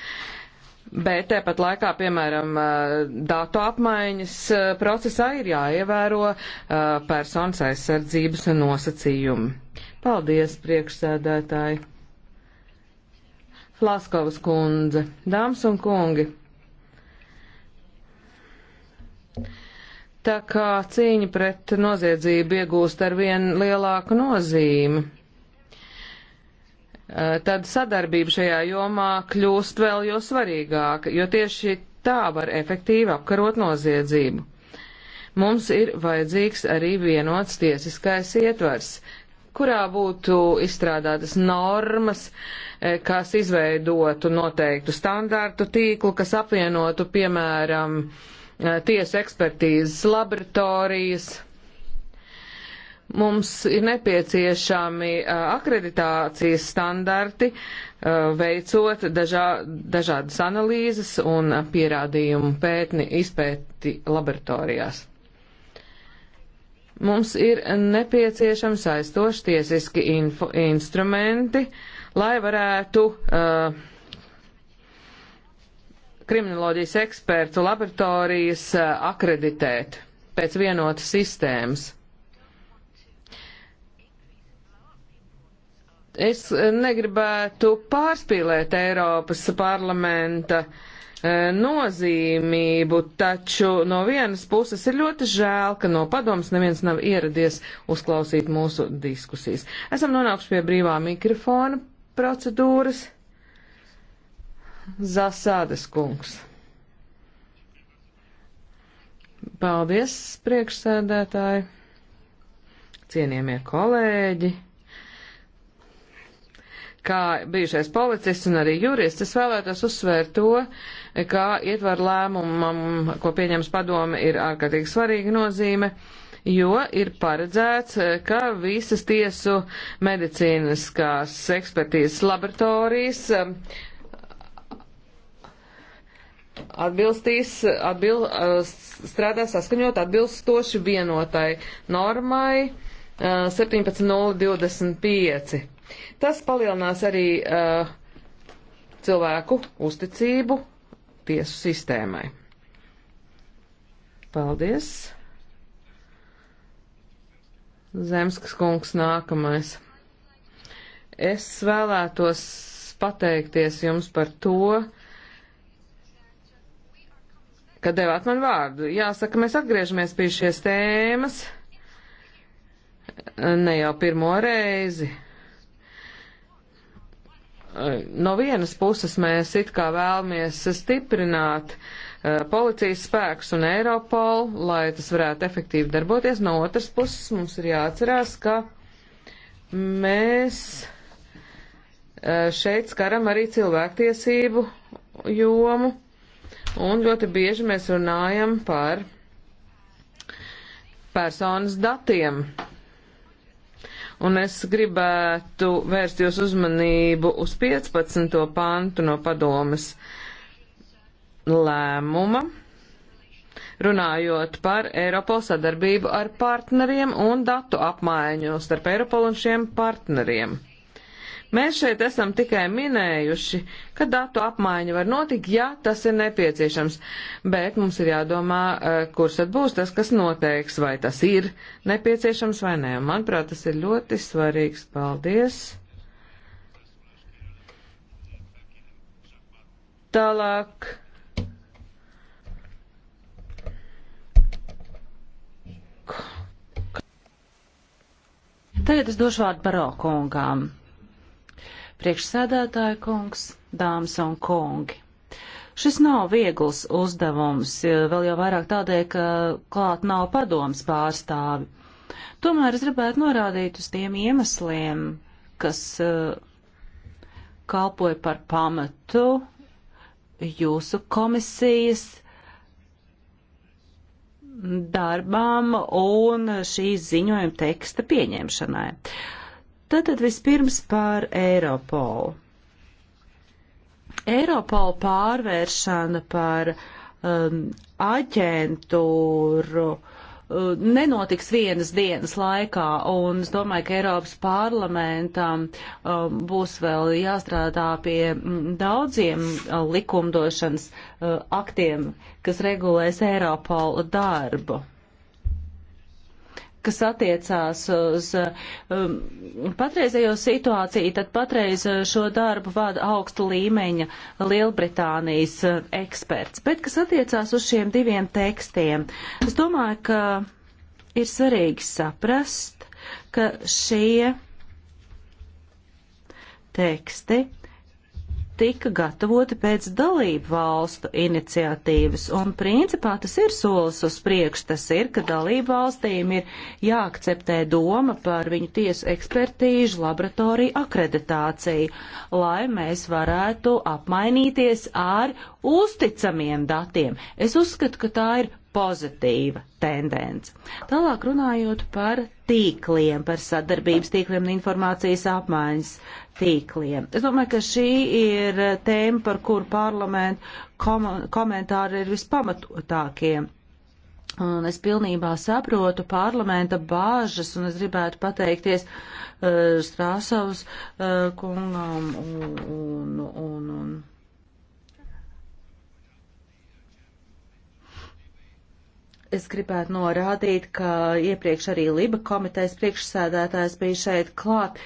Bet tāpat laikā, piemēram, datu apmaiņas procesā ir jāievēro personas aizsardzības nosacījumi. Paldies, priekšsēdētāji! Flaskovas kundze, dāmas un kungi! Tā kā cīņa pret noziedzību iegūst ar vien lielāku nozīmi, eh, tad sadarbība šajā jomā kļūst vēl jo svarīgāka, jo tieši tā var efektīvi apkarot noziedzību. Mums ir vajadzīgs arī vienots tiesiskais ietvers, kurā būtu izstrādātas normas, eh, kas izveidotu noteiktu standārtu tīklu, kas apvienotu, piemēram, eh, tiesu ekspertīzes laboratorijas. Mums ir nepieciešami eh, akreditācijas standarti, veicot dažā, dažādas analīzes un pierādījumu pētni, izpēti laboratorijās. Mums ir nepieciešams aizstoši tiesiski info, instrumenti, lai varētu uh, kriminoloģijas ekspertu laboratorijas uh, akreditēt pēc vienotas sistēmas. Es negribētu pārspīlēt Eiropas parlamenta uh, E, nozīmību, taču no vienas puses ir ļoti žēl, ka no padomas neviens nav ieradies uzklausīt mūsu diskusijas. Esam nonākuši pie brīvā mikrofona procedūras. Zasādes kungs. Paldies, priekšsēdētāji, cienījamie kolēģi kā bijušais policists un arī jurists, es vēlētos uzsvērt to, ka ietvaru lēmumam, ko pieņems padome, ir ārkārtīgi svarīga nozīme, jo ir paredzēts, ka visas tiesu medicīniskās ekspertīzes laboratorijas um, atbilstīs, atbil, uh, strādā saskaņot atbilstoši vienotai normai 17025 uh, Tas palielinās arī uh, cilvēku uzticību tiesu sistēmai. Paldies! Zemskas kungs nākamais. Es vēlētos pateikties jums par to, ka devāt man vārdu. Jāsaka, mēs atgriežamies pie šies tēmas ne jau pirmo reizi no vienas puses mēs it kā vēlamies stiprināt uh, policijas spēks un Eiropolu, lai tas varētu efektīvi darboties, no otras puses mums ir jāatcerās, ka mēs uh, šeit skaram arī cilvēktiesību jomu, un ļoti bieži mēs runājam par personas datiem un es gribētu vērst jūs uzmanību uz 15. pantu no padomas lēmuma, runājot par Eiropol sadarbību ar partneriem un datu apmaiņu starp Eiropol un šiem partneriem. Mēs šeit esam tikai minējuši, ka datu apmaiņa var notikt, ja tas ir nepieciešams, bet mums ir jādomā, e, kurš tad būs tas, kas noteiks, vai tas ir nepieciešams vai nē. Manuprāt, tas ir ļoti svarīgs. Paldies! Tālāk. Tagad es došu vārdu Baro kungām. Priekšsēdētāja kungs, dāmas un kungi. Šis nav viegls uzdevums, vēl jau vairāk tādēļ, ka klāt nav padoms pārstāvi. Tomēr es gribētu norādīt uz tiem iemesliem, kas uh, kalpoja par pamatu jūsu komisijas darbām un šīs ziņojuma teksta pieņemšanai. Tātad vispirms par Eiropolu. Eiropola pārvēršana par um, aģentūru um, nenotiks vienas dienas laikā, un es domāju, ka Eiropas parlamentam um, būs vēl jāstrādā pie mm, daudziem uh, likumdošanas uh, aktiem, kas regulēs Eiropola darbu kas attiecās uz um, patreizējo situāciju, tad patreiz šo darbu vada augsta līmeņa Lielbritānijas uh, eksperts. Bet kas attiecās uz šiem diviem tekstiem, es domāju, ka ir svarīgi saprast, ka šie teksti tika gatavoti pēc dalību valstu iniciatīvas, un principā tas ir solis uz priekšu. Tas ir, ka dalību valstīm ir jāakceptē doma par viņu tiesu ekspertīžu, laboratoriju akreditāciju, lai mēs varētu apmainīties ar uzticamiem datiem. Es uzskatu, ka tā ir pozitīva tendence. Tālāk runājot par tīkliem, par sadarbības tīkliem un informācijas apmaiņas tīkliem. Es domāju, ka šī ir tēma, par kuru parlamentu kom komentāri ir vispamatotākie. Un es pilnībā saprotu parlamenta bāžas, un es gribētu pateikties uh, eh, Strāsavas uh, eh, kungam un, un, un, un Es gribētu norādīt, ka iepriekš arī Liba komitejas priekšsēdētājs bija šeit klāt.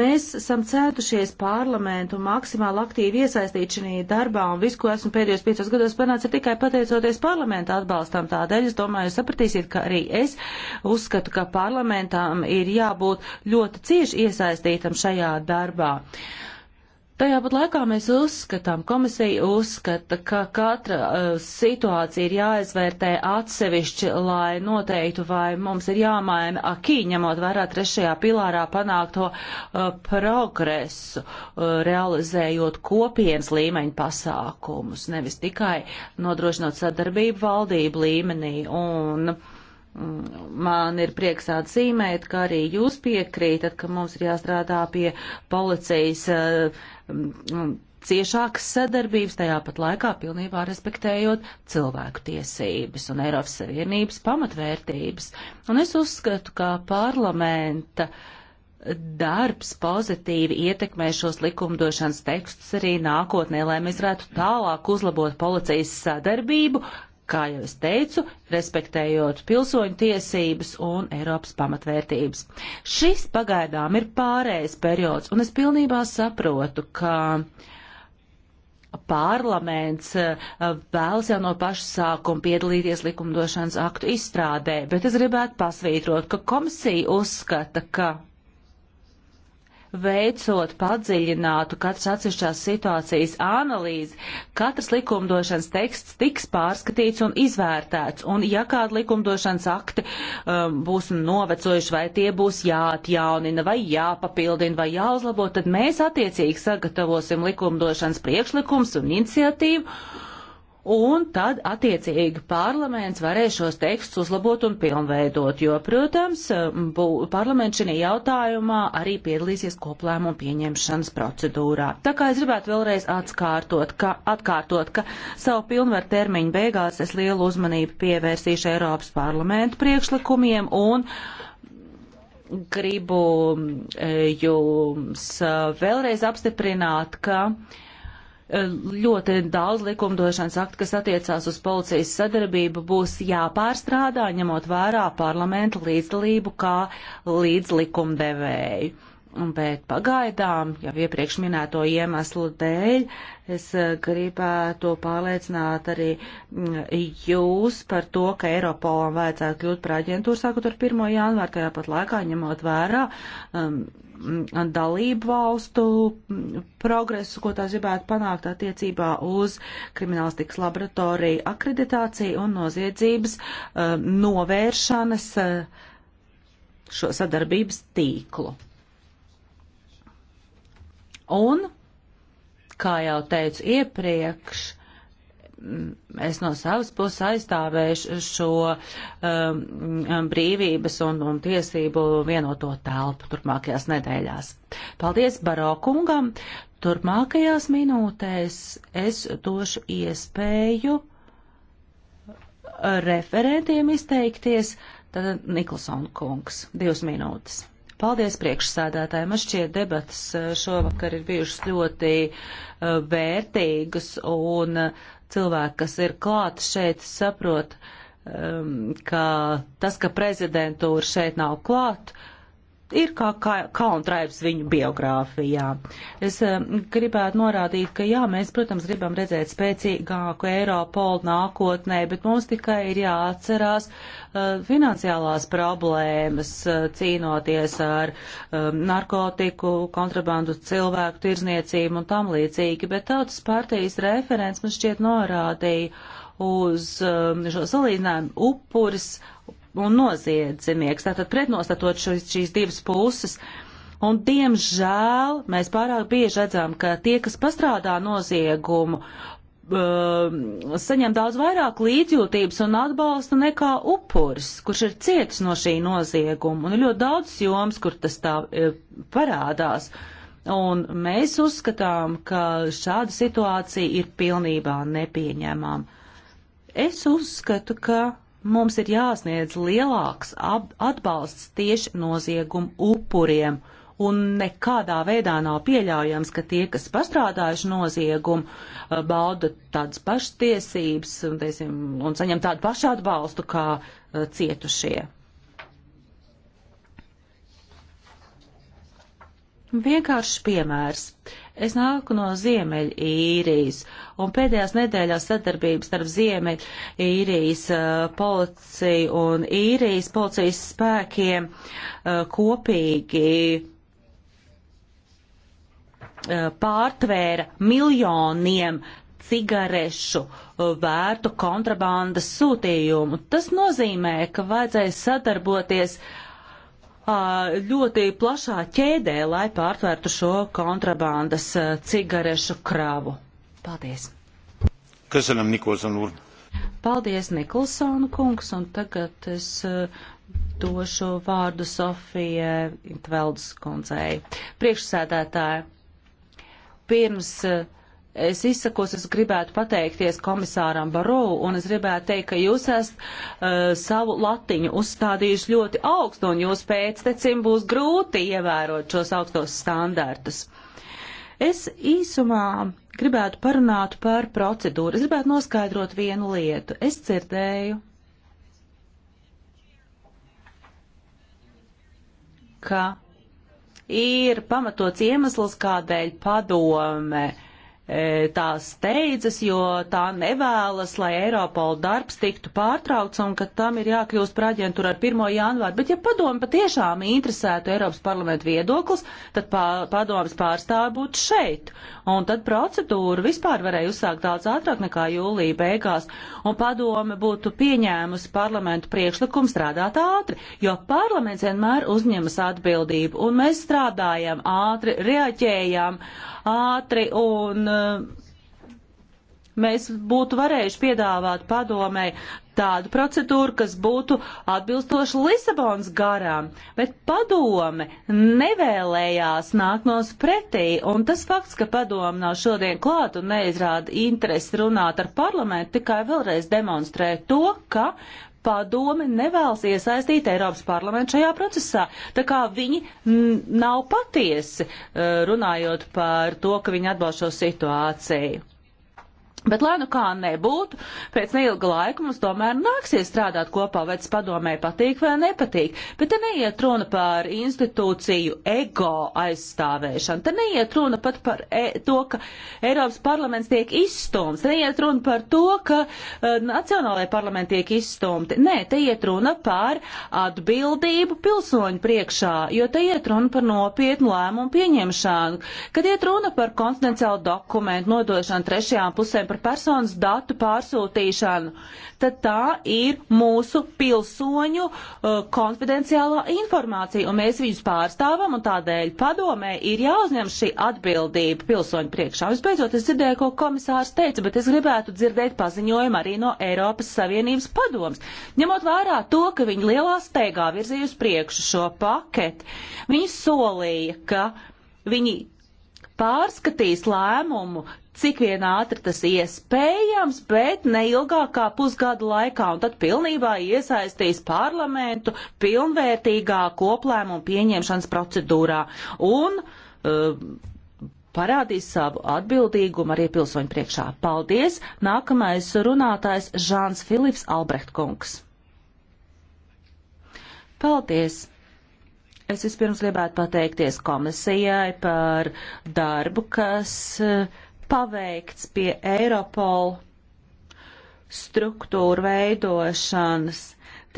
Mēs esam centušies parlamentu maksimāli aktīvi iesaistīt šajā darbā, un visu, ko esmu pēdējos piecos gados panācis, ir tikai pateicoties parlamentu atbalstam. Tādēļ es domāju, sapratīsiet, ka arī es uzskatu, ka parlamentam ir jābūt ļoti cieši iesaistītam šajā darbā. Uh, Tajā pat laikā mēs uzskatām, komisija uzskata, ka katra uh, situācija ir jāizvērtē atsevišķi, lai noteiktu, vai mums ir jāmaina akī, ņemot vērā trešajā pilārā panākto uh, progresu, uh, realizējot kopienas līmeņa pasākumus, nevis tikai nodrošinot sadarbību valdību līmenī. Un, uh, Man ir prieks atzīmēt, ka arī jūs piekrītat, ka mums ir jāstrādā pie policijas Mm, ciešākas sadarbības, tajā pat laikā pilnībā respektējot cilvēku tiesības un Eiropas Savienības pamatvērtības. Un es uzskatu, ka parlamenta darbs pozitīvi ietekmē šos likumdošanas tekstus arī nākotnē, lai mēs varētu tālāk uzlabot policijas sadarbību, kā jau es teicu, respektējot pilsoņu tiesības un Eiropas pamatvērtības. Šis pagaidām ir pārējais periods, un es pilnībā saprotu, ka parlaments eh, vēlas jau no paša sākuma piedalīties likumdošanas aktu izstrādē, bet es gribētu pasvītrot, ka komisija uzskata, ka veicot padziļinātu katras atsevišķās situācijas analīzi, katrs likumdošanas teksts tiks pārskatīts un izvērtēts, un ja kādi likumdošanas akti um, būs novecojuši, vai tie būs jāatjaunina, vai jāpapildina, vai jāuzlabo, tad mēs attiecīgi sagatavosim likumdošanas priekšlikums un iniciatīvu, un tad attiecīgi parlaments varēs šos tekstus uzlabot un pilnveidot, jo, protams, parlaments šajā jautājumā arī piedalīsies koplēmumu pieņemšanas procedūrā. Tā kā es gribētu vēlreiz atskārtot, ka, atkārtot, ka savu pilnvaru termiņu beigās es lielu uzmanību pievērsīšu Eiropas parlamentu priekšlikumiem un gribu e, jums e, vēlreiz apstiprināt, ka uh, ļoti daudz likumdošanas aktu, kas attiecās uz policijas sadarbību, būs jāpārstrādā, ņemot vērā parlamentu līdzdalību kā līdz likumdevēju. Bet pagaidām, jau iepriekš minēto iemeslu dēļ, es eh, gribētu pārliecināt arī mm, jūs par to, ka Eiropolam vajadzētu kļūt par aģentūru sākot ar 1. janvāru, tajā pat laikā ņemot vērā um, dalību valstu progresu, ko tās gribētu panākt attiecībā uz kriminālistikas laboratoriju akreditāciju un noziedzības um, novēršanas uh, šo sadarbības tīklu. Un, kā jau teicu iepriekš, es no savas puses aizstāvēšu šo um, um, brīvības un, un tiesību vienoto telpu turpmākajās nedēļās. Paldies Barokungam! Turpmākajās minūtēs es došu iespēju referentiem izteikties, tad Niklson kungs, divas minūtes. Paldies priekšsādātājiem. Man šķiet debatas eh, šovakar ir bijušas ļoti eh, vērtīgas un eh, cilvēki, kas ir klāt šeit, saprot, ehm, ka tas, ka prezidentūra šeit nav klāt, uh, ir kā, kā kauntraips viņu biogrāfijā. Es eh, gribētu norādīt, ka jā, mēs, protams, gribam redzēt spēcīgāku Eiropolu nākotnē, bet mums tikai ir jāatcerās uh, finansiālās problēmas uh, cīnoties ar uh, narkotiku, kontrabandu, cilvēku tirzniecību un tam līdzīgi, bet tautas partijas referents man šķiet norādīja uz šo salīdzinājumu upuris un noziedznieks. Tātad pretnostatot šis, šīs divas puses. Un, diemžēl, mēs pārāk bieži redzam, ka tie, kas pastrādā noziegumu, um, saņem daudz vairāk līdzjūtības un atbalsta nekā upuris, kurš ir cietis no šī nozieguma. Un ir ļoti daudz joms, kur tas tā e, parādās. Un mēs uzskatām, ka šāda situācija ir pilnībā nepieņemama. Es uzskatu, ka mums ir jāsniedz lielāks atbalsts tieši noziegumu upuriem. Un nekādā veidā nav pieļaujams, ka tie, kas pastrādājuši noziegumu, bauda tādas pašas tiesības un, teiksim, un saņem tādu pašu atbalstu kā cietušie. Vienkāršs piemērs. Uh, Es nāku no Ziemeļīrijas, un pēdējās nedēļās sadarbības starp Ziemeļīrijas uh, policiju un īrijas policijas spēkiem uh, kopīgi uh, pārtvēra miljoniem cigarešu uh, vērtu kontrabandas sūtījumu. Tas nozīmē, ka vajadzēja sadarboties uh, ļoti plašā ķēdē, lai pārtvērtu šo kontrabandas cigarešu kravu. Paldies! Köszönöm, Nikolson úr! Paldies, Nikolsona kungs, un tagad es došu vārdu Sofijai Intveldes kundzei. Priekšsēdētāji, pirms uh, es izsakos, es gribētu pateikties komisāram Barovu, un es gribētu teikt, ka jūs esat uh, savu latiņu uzstādījuši ļoti augstu, un jūs pēctecim būs grūti ievērot šos augstos standartus. Es īsumā gribētu parunāt par procedūru. Es gribētu noskaidrot vienu lietu. Es dzirdēju, ka ir pamatots iemesls, kādēļ padome uh, E, tā steidzas, jo tā nevēlas, lai Eiropola darbs tiktu pārtraukts un ka tam ir jākļūst par aģentūru ar 1. janvāru. Bet ja padomu patiešām interesētu Eiropas parlamentu viedoklis, tad padomas pārstāvi būtu šeit. Un tad procedūru vispār varēja uzsākt daudz ātrāk nekā jūlija beigās. Un padome būtu pieņēmusi parlamentu priekšlikumu strādāt ātri, jo parlaments vienmēr uzņemas atbildību. Un mēs strādājam ātri, reaģējam. Uh, ātri un eh, mēs būtu varējuši piedāvāt padomē tādu procedūru, kas būtu atbilstoši Lisabons garām, bet padome nevēlējās nākt nos pretī, un tas fakts, ka padome nav šodien klāt un neizrāda interesi runāt ar parlamentu, tikai vēlreiz demonstrē to, ka padome nevēlas iesaistīt Eiropas parlamentu šajā procesā. Tā kā viņi nav patiesi eh, runājot par to, ka viņi atbalsta šo situāciju. Bet, lai nu kā nebūtu, pēc neilga laika mums tomēr nāksies strādāt kopā, vai tas padomē patīk vai nepatīk. Bet te neiet runa par institūciju ego aizstāvēšanu, te neiet runa pat par e to, ka Eiropas parlaments tiek izstumts, te neiet runa par to, ka uh, nacionālajie parlamenti tiek izstumti. Nē, te iet runa par atbildību pilsoņu priekšā, jo te iet runa par nopietnu lēmumu pieņemšanu, kad iet runa par konfidenciālu dokumentu nodošanu trešajām pusēm par personas datu pārsūtīšanu, tad tā ir mūsu pilsoņu uh, konfidenciālā informācija, un mēs viņus pārstāvam, un tādēļ padomē ir jāuzņem šī atbildība pilsoņu priekšā. Visbeidzot, es dzirdēju, ko komisārs teica, bet es gribētu dzirdēt paziņojumu arī no Eiropas Savienības padoms. Ņemot vērā to, ka viņi lielā steigā virzīja uz priekšu šo paketi, viņi solīja, ka viņi pārskatīs lēmumu, cik vien ātri tas iespējams, bet neilgāk kā pusgadu laikā, un tad pilnībā iesaistīs parlamentu pilnvērtīgā koplēmumu pieņemšanas procedūrā. Un, uh, parādīs savu atbildīgumu arī pilsoņu priekšā. Paldies! Nākamais runātājs Žāns Filips Albrecht kungs. Paldies! Es vispirms gribētu pateikties komisijai par darbu, kas eh, paveikts pie Eiropol struktūru veidošanas.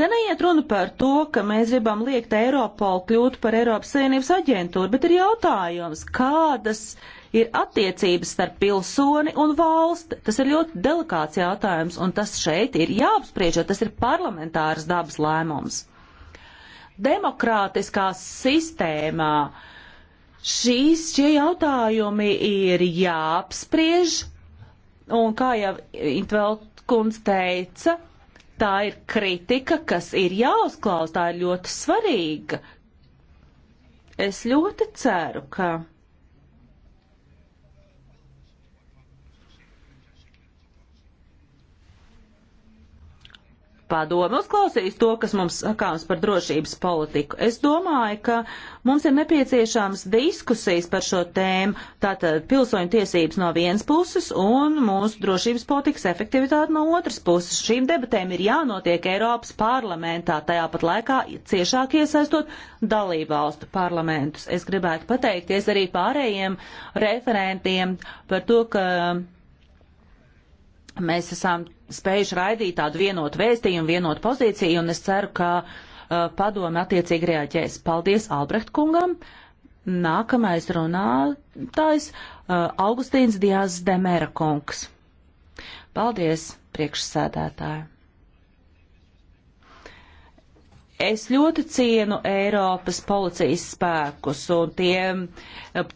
Te neiet runa par to, ka mēs gribam liekt Eiropolu kļūt par Eiropas Savienības aģentūru, bet ir jautājums, kādas ir attiecības starp pilsoni un valsti. Tas ir ļoti delikāts jautājums, un tas šeit ir jāapspriež, jo tas ir parlamentāras dabas lēmums demokrātiskā sistēmā šīs, šie jautājumi ir jāapspriež, un kā jau Intvelt kundz teica, tā ir kritika, kas ir jāuzklaus, tā ir ļoti svarīga. Es ļoti ceru, ka. padome uzklausīs to, kas mums sakāms par drošības politiku. Es domāju, ka mums ir nepieciešams diskusijas par šo tēmu, tātad pilsoņu tiesības no vienas puses un mūsu drošības politikas efektivitāte no otras puses. Šīm debatēm ir jānotiek Eiropas parlamentā, tajā pat laikā ciešāk iesaistot dalībvalstu parlamentus. Es gribētu pateikties arī pārējiem referentiem par to, ka mēs esam spējuši raidīt tādu vienotu vēstījumu, vienotu pozīciju, un es ceru, ka uh, padome attiecīgi reaģēs. Paldies Albrecht kungam! Nākamais runātājs uh, Augustīns Diās Demēra kungs. Paldies, priekšsēdētāji! Es ļoti cienu Eiropas policijas spēkus un tiem,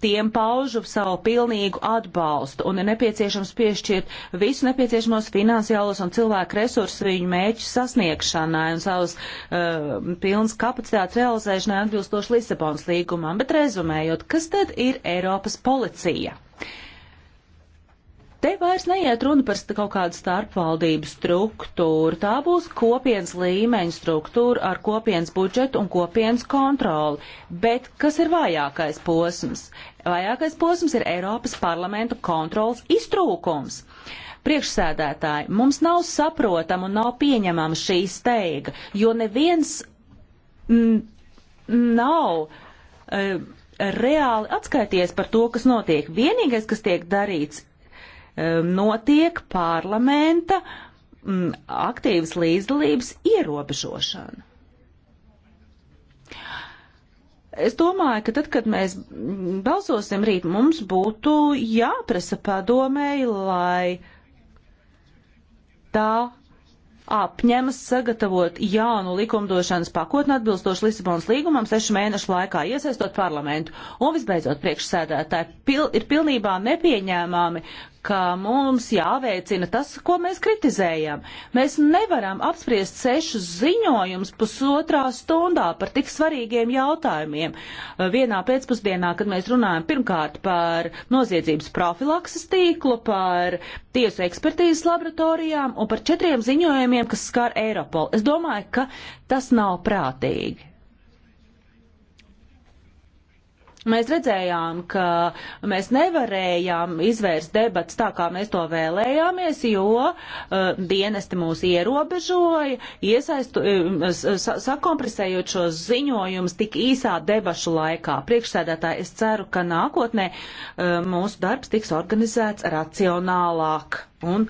tiem paužu savu pilnīgu atbalstu un ir nepieciešams piešķirt visu nepieciešamos finansiālos un cilvēku resursus viņu mēķu sasniegšanai un savas uh, pilnas kapacitātes realizēšanai atbilstoši Lisabonas līgumam. Bet rezumējot, kas tad ir Eiropas policija? Uh, Te vairs neiet runa par kaut kādu starpvaldību struktūru. Tā būs kopienas līmeņa struktūra ar kopienas budžetu un kopienas kontroli. Bet kas ir vājākais posms? Vājākais posms ir Eiropas parlamenta kontrols iztrūkums. Priekšsēdētāji, mums nav saprotama un nav pieņemama šī steiga, jo neviens nav. Uh, reāli atskaities par to, kas notiek. Vienīgais, kas tiek darīts, notiek parlamenta mm, aktīvas līdzdalības ierobežošana. Es domāju, ka tad, kad mēs balsosim rīt, mums būtu jāprasa padomēji, lai tā apņemas sagatavot jaunu likumdošanas pakotni atbilstoši Lisabonas līgumam sešu mēnešu laikā, iesaistot parlamentu. Un visbeidzot, priekšsēdētāji, pil ir pilnībā nepieņēmami, ka mums jāveicina tas, ko mēs kritizējam. Mēs nevaram apspriest sešus ziņojumus pusotrā stundā par tik svarīgiem jautājumiem. Vienā pēcpusdienā, kad mēs runājam pirmkārt par noziedzības profilakses tīklu, par tiesu ekspertīzes laboratorijām un par četriem ziņojumiem, kas skar Eiropolu. Es domāju, ka tas nav prātīgi. Mēs redzējām, ka mēs nevarējām izvērst debats tā, kā mēs to vēlējāmies, jo uh, dienesti mūs ierobežoja, iesaistu, uh, sakompresējot šos ziņojumus tik īsā debašu laikā. Priekšsēdētāji, es ceru, ka nākotnē uh, mūsu darbs tiks organizēts racionālāk un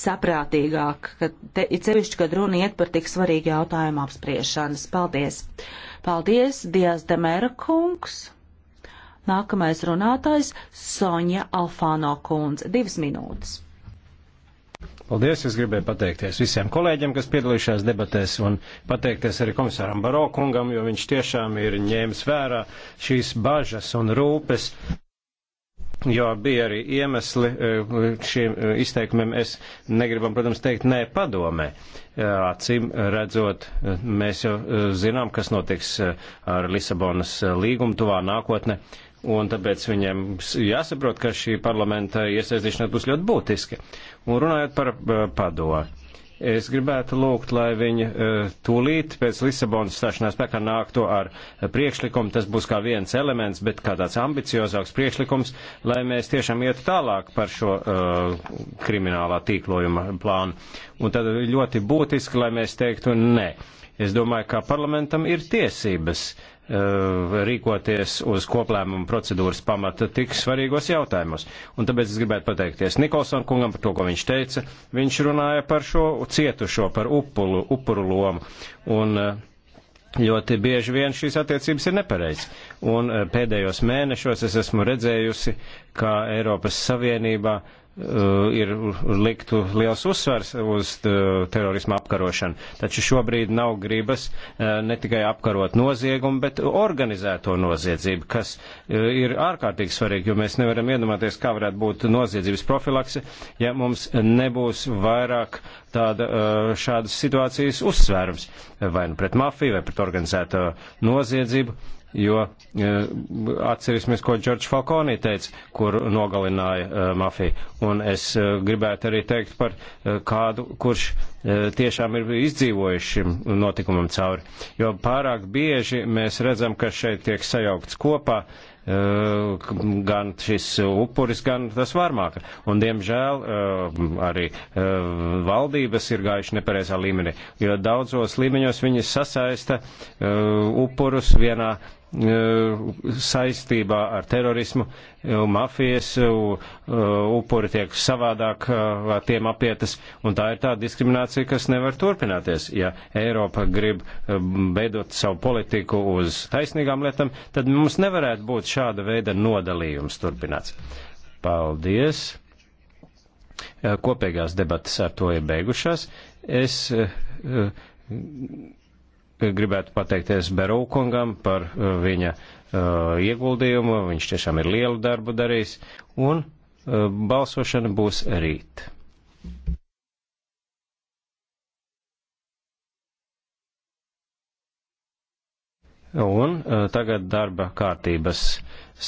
saprātīgāk, ka te, it sevišķi, kad runa iet par tik svarīgu jautājumu apspriešanas. Paldies! Paldies, Dievs Demēra kungs! Nākamais runātājs Soņa Alfāno kundze. Divas minūtes. Paldies! Es gribēju pateikties visiem kolēģiem, kas piedalījušās debatēs, un pateikties arī komisāram Baro kungam, jo viņš tiešām ir ņēmis vērā šīs bažas un rūpes jo bija arī iemesli eh, šiem eh, izteikumiem. Es negribam, protams, teikt nē padomē. Eh, acīm redzot, mēs jau zinām, kas notiks ar Lisabonas līgumu tuvā nākotnē. Un tāpēc viņiem jāsaprot, ka šī parlamenta iesaistīšanās būs ļoti būtiska. Un runājot par eh, padomu. Es gribētu lūgt, lai viņi eh, tūlīt pēc Lisabonas stāšanās spēkā nāktu ar priekšlikumu. Tas būs kā viens elements, bet kā tāds ambiciozāks priekšlikums, lai mēs tiešām ietu tālāk par šo uh, kriminālā tīklojuma plānu. Un tad ļoti būtiski, lai mēs teiktu nē. Es domāju, ka parlamentam ir tiesības uh, Eh, rīkoties uz koplēmumu procedūras pamata tik svarīgos jautājumos. Un tāpēc es gribētu pateikties Nikolson kungam par to, ko viņš teica. Viņš runāja par šo cietušo, par upulu, upuru lomu. Un eh, ļoti bieži vien šīs attiecības ir nepareizas. Un eh, pēdējos mēnešos es esmu redzējusi, kā Eiropas Savienībā uh, Uh, ir liktu liels uzsvars uz uh, terorismu apkarošanu. Taču šobrīd nav gribas uh, ne tikai apkarot noziegumu, bet organizēto noziedzību, kas ir ārkārtīgi svarīgi, jo mēs nevaram iedomāties, kā varētu būt noziedzības profilakse, ja mums nebūs vairāk tāda, šādas situācijas uzsvērums vai nu pret mafiju, vai pret organizēto noziedzību jo e, atcerēsimies, ko Džordžs Falkonī teica, kur nogalināja e, mafiju. Un es e, gribētu arī teikt par kādu, kurš tiešām ir izdzīvojis šim notikumam cauri. Jo pārāk bieži mēs redzam, ka šeit tiek sajaukts kopā gan šis upuris, gan tas varmāka. Un, diemžēl, arī valdības ir gājuši nepareizā līmenī, jo daudzos līmeņos viņi sasaista upurus vienā Eh, saistībā ar terorismu, eh, mafijas eh, upuri tiek savādāk tiem apietas, un tā ir tā diskriminācija, kas nevar turpināties. Ja Eiropa grib beidot savu politiku uz taisnīgām lietām, tad mums nevarētu būt šāda veida nodalījums turpināts. Paldies! Kopīgās debatas ar to ir beigušās. Es gribētu pateikties Beraukungam par uh, viņa uh, ieguldījumu. Viņš tiešām ir lielu darbu darījis. Un uh, balsošana būs rīt. Un tagad darba kārtības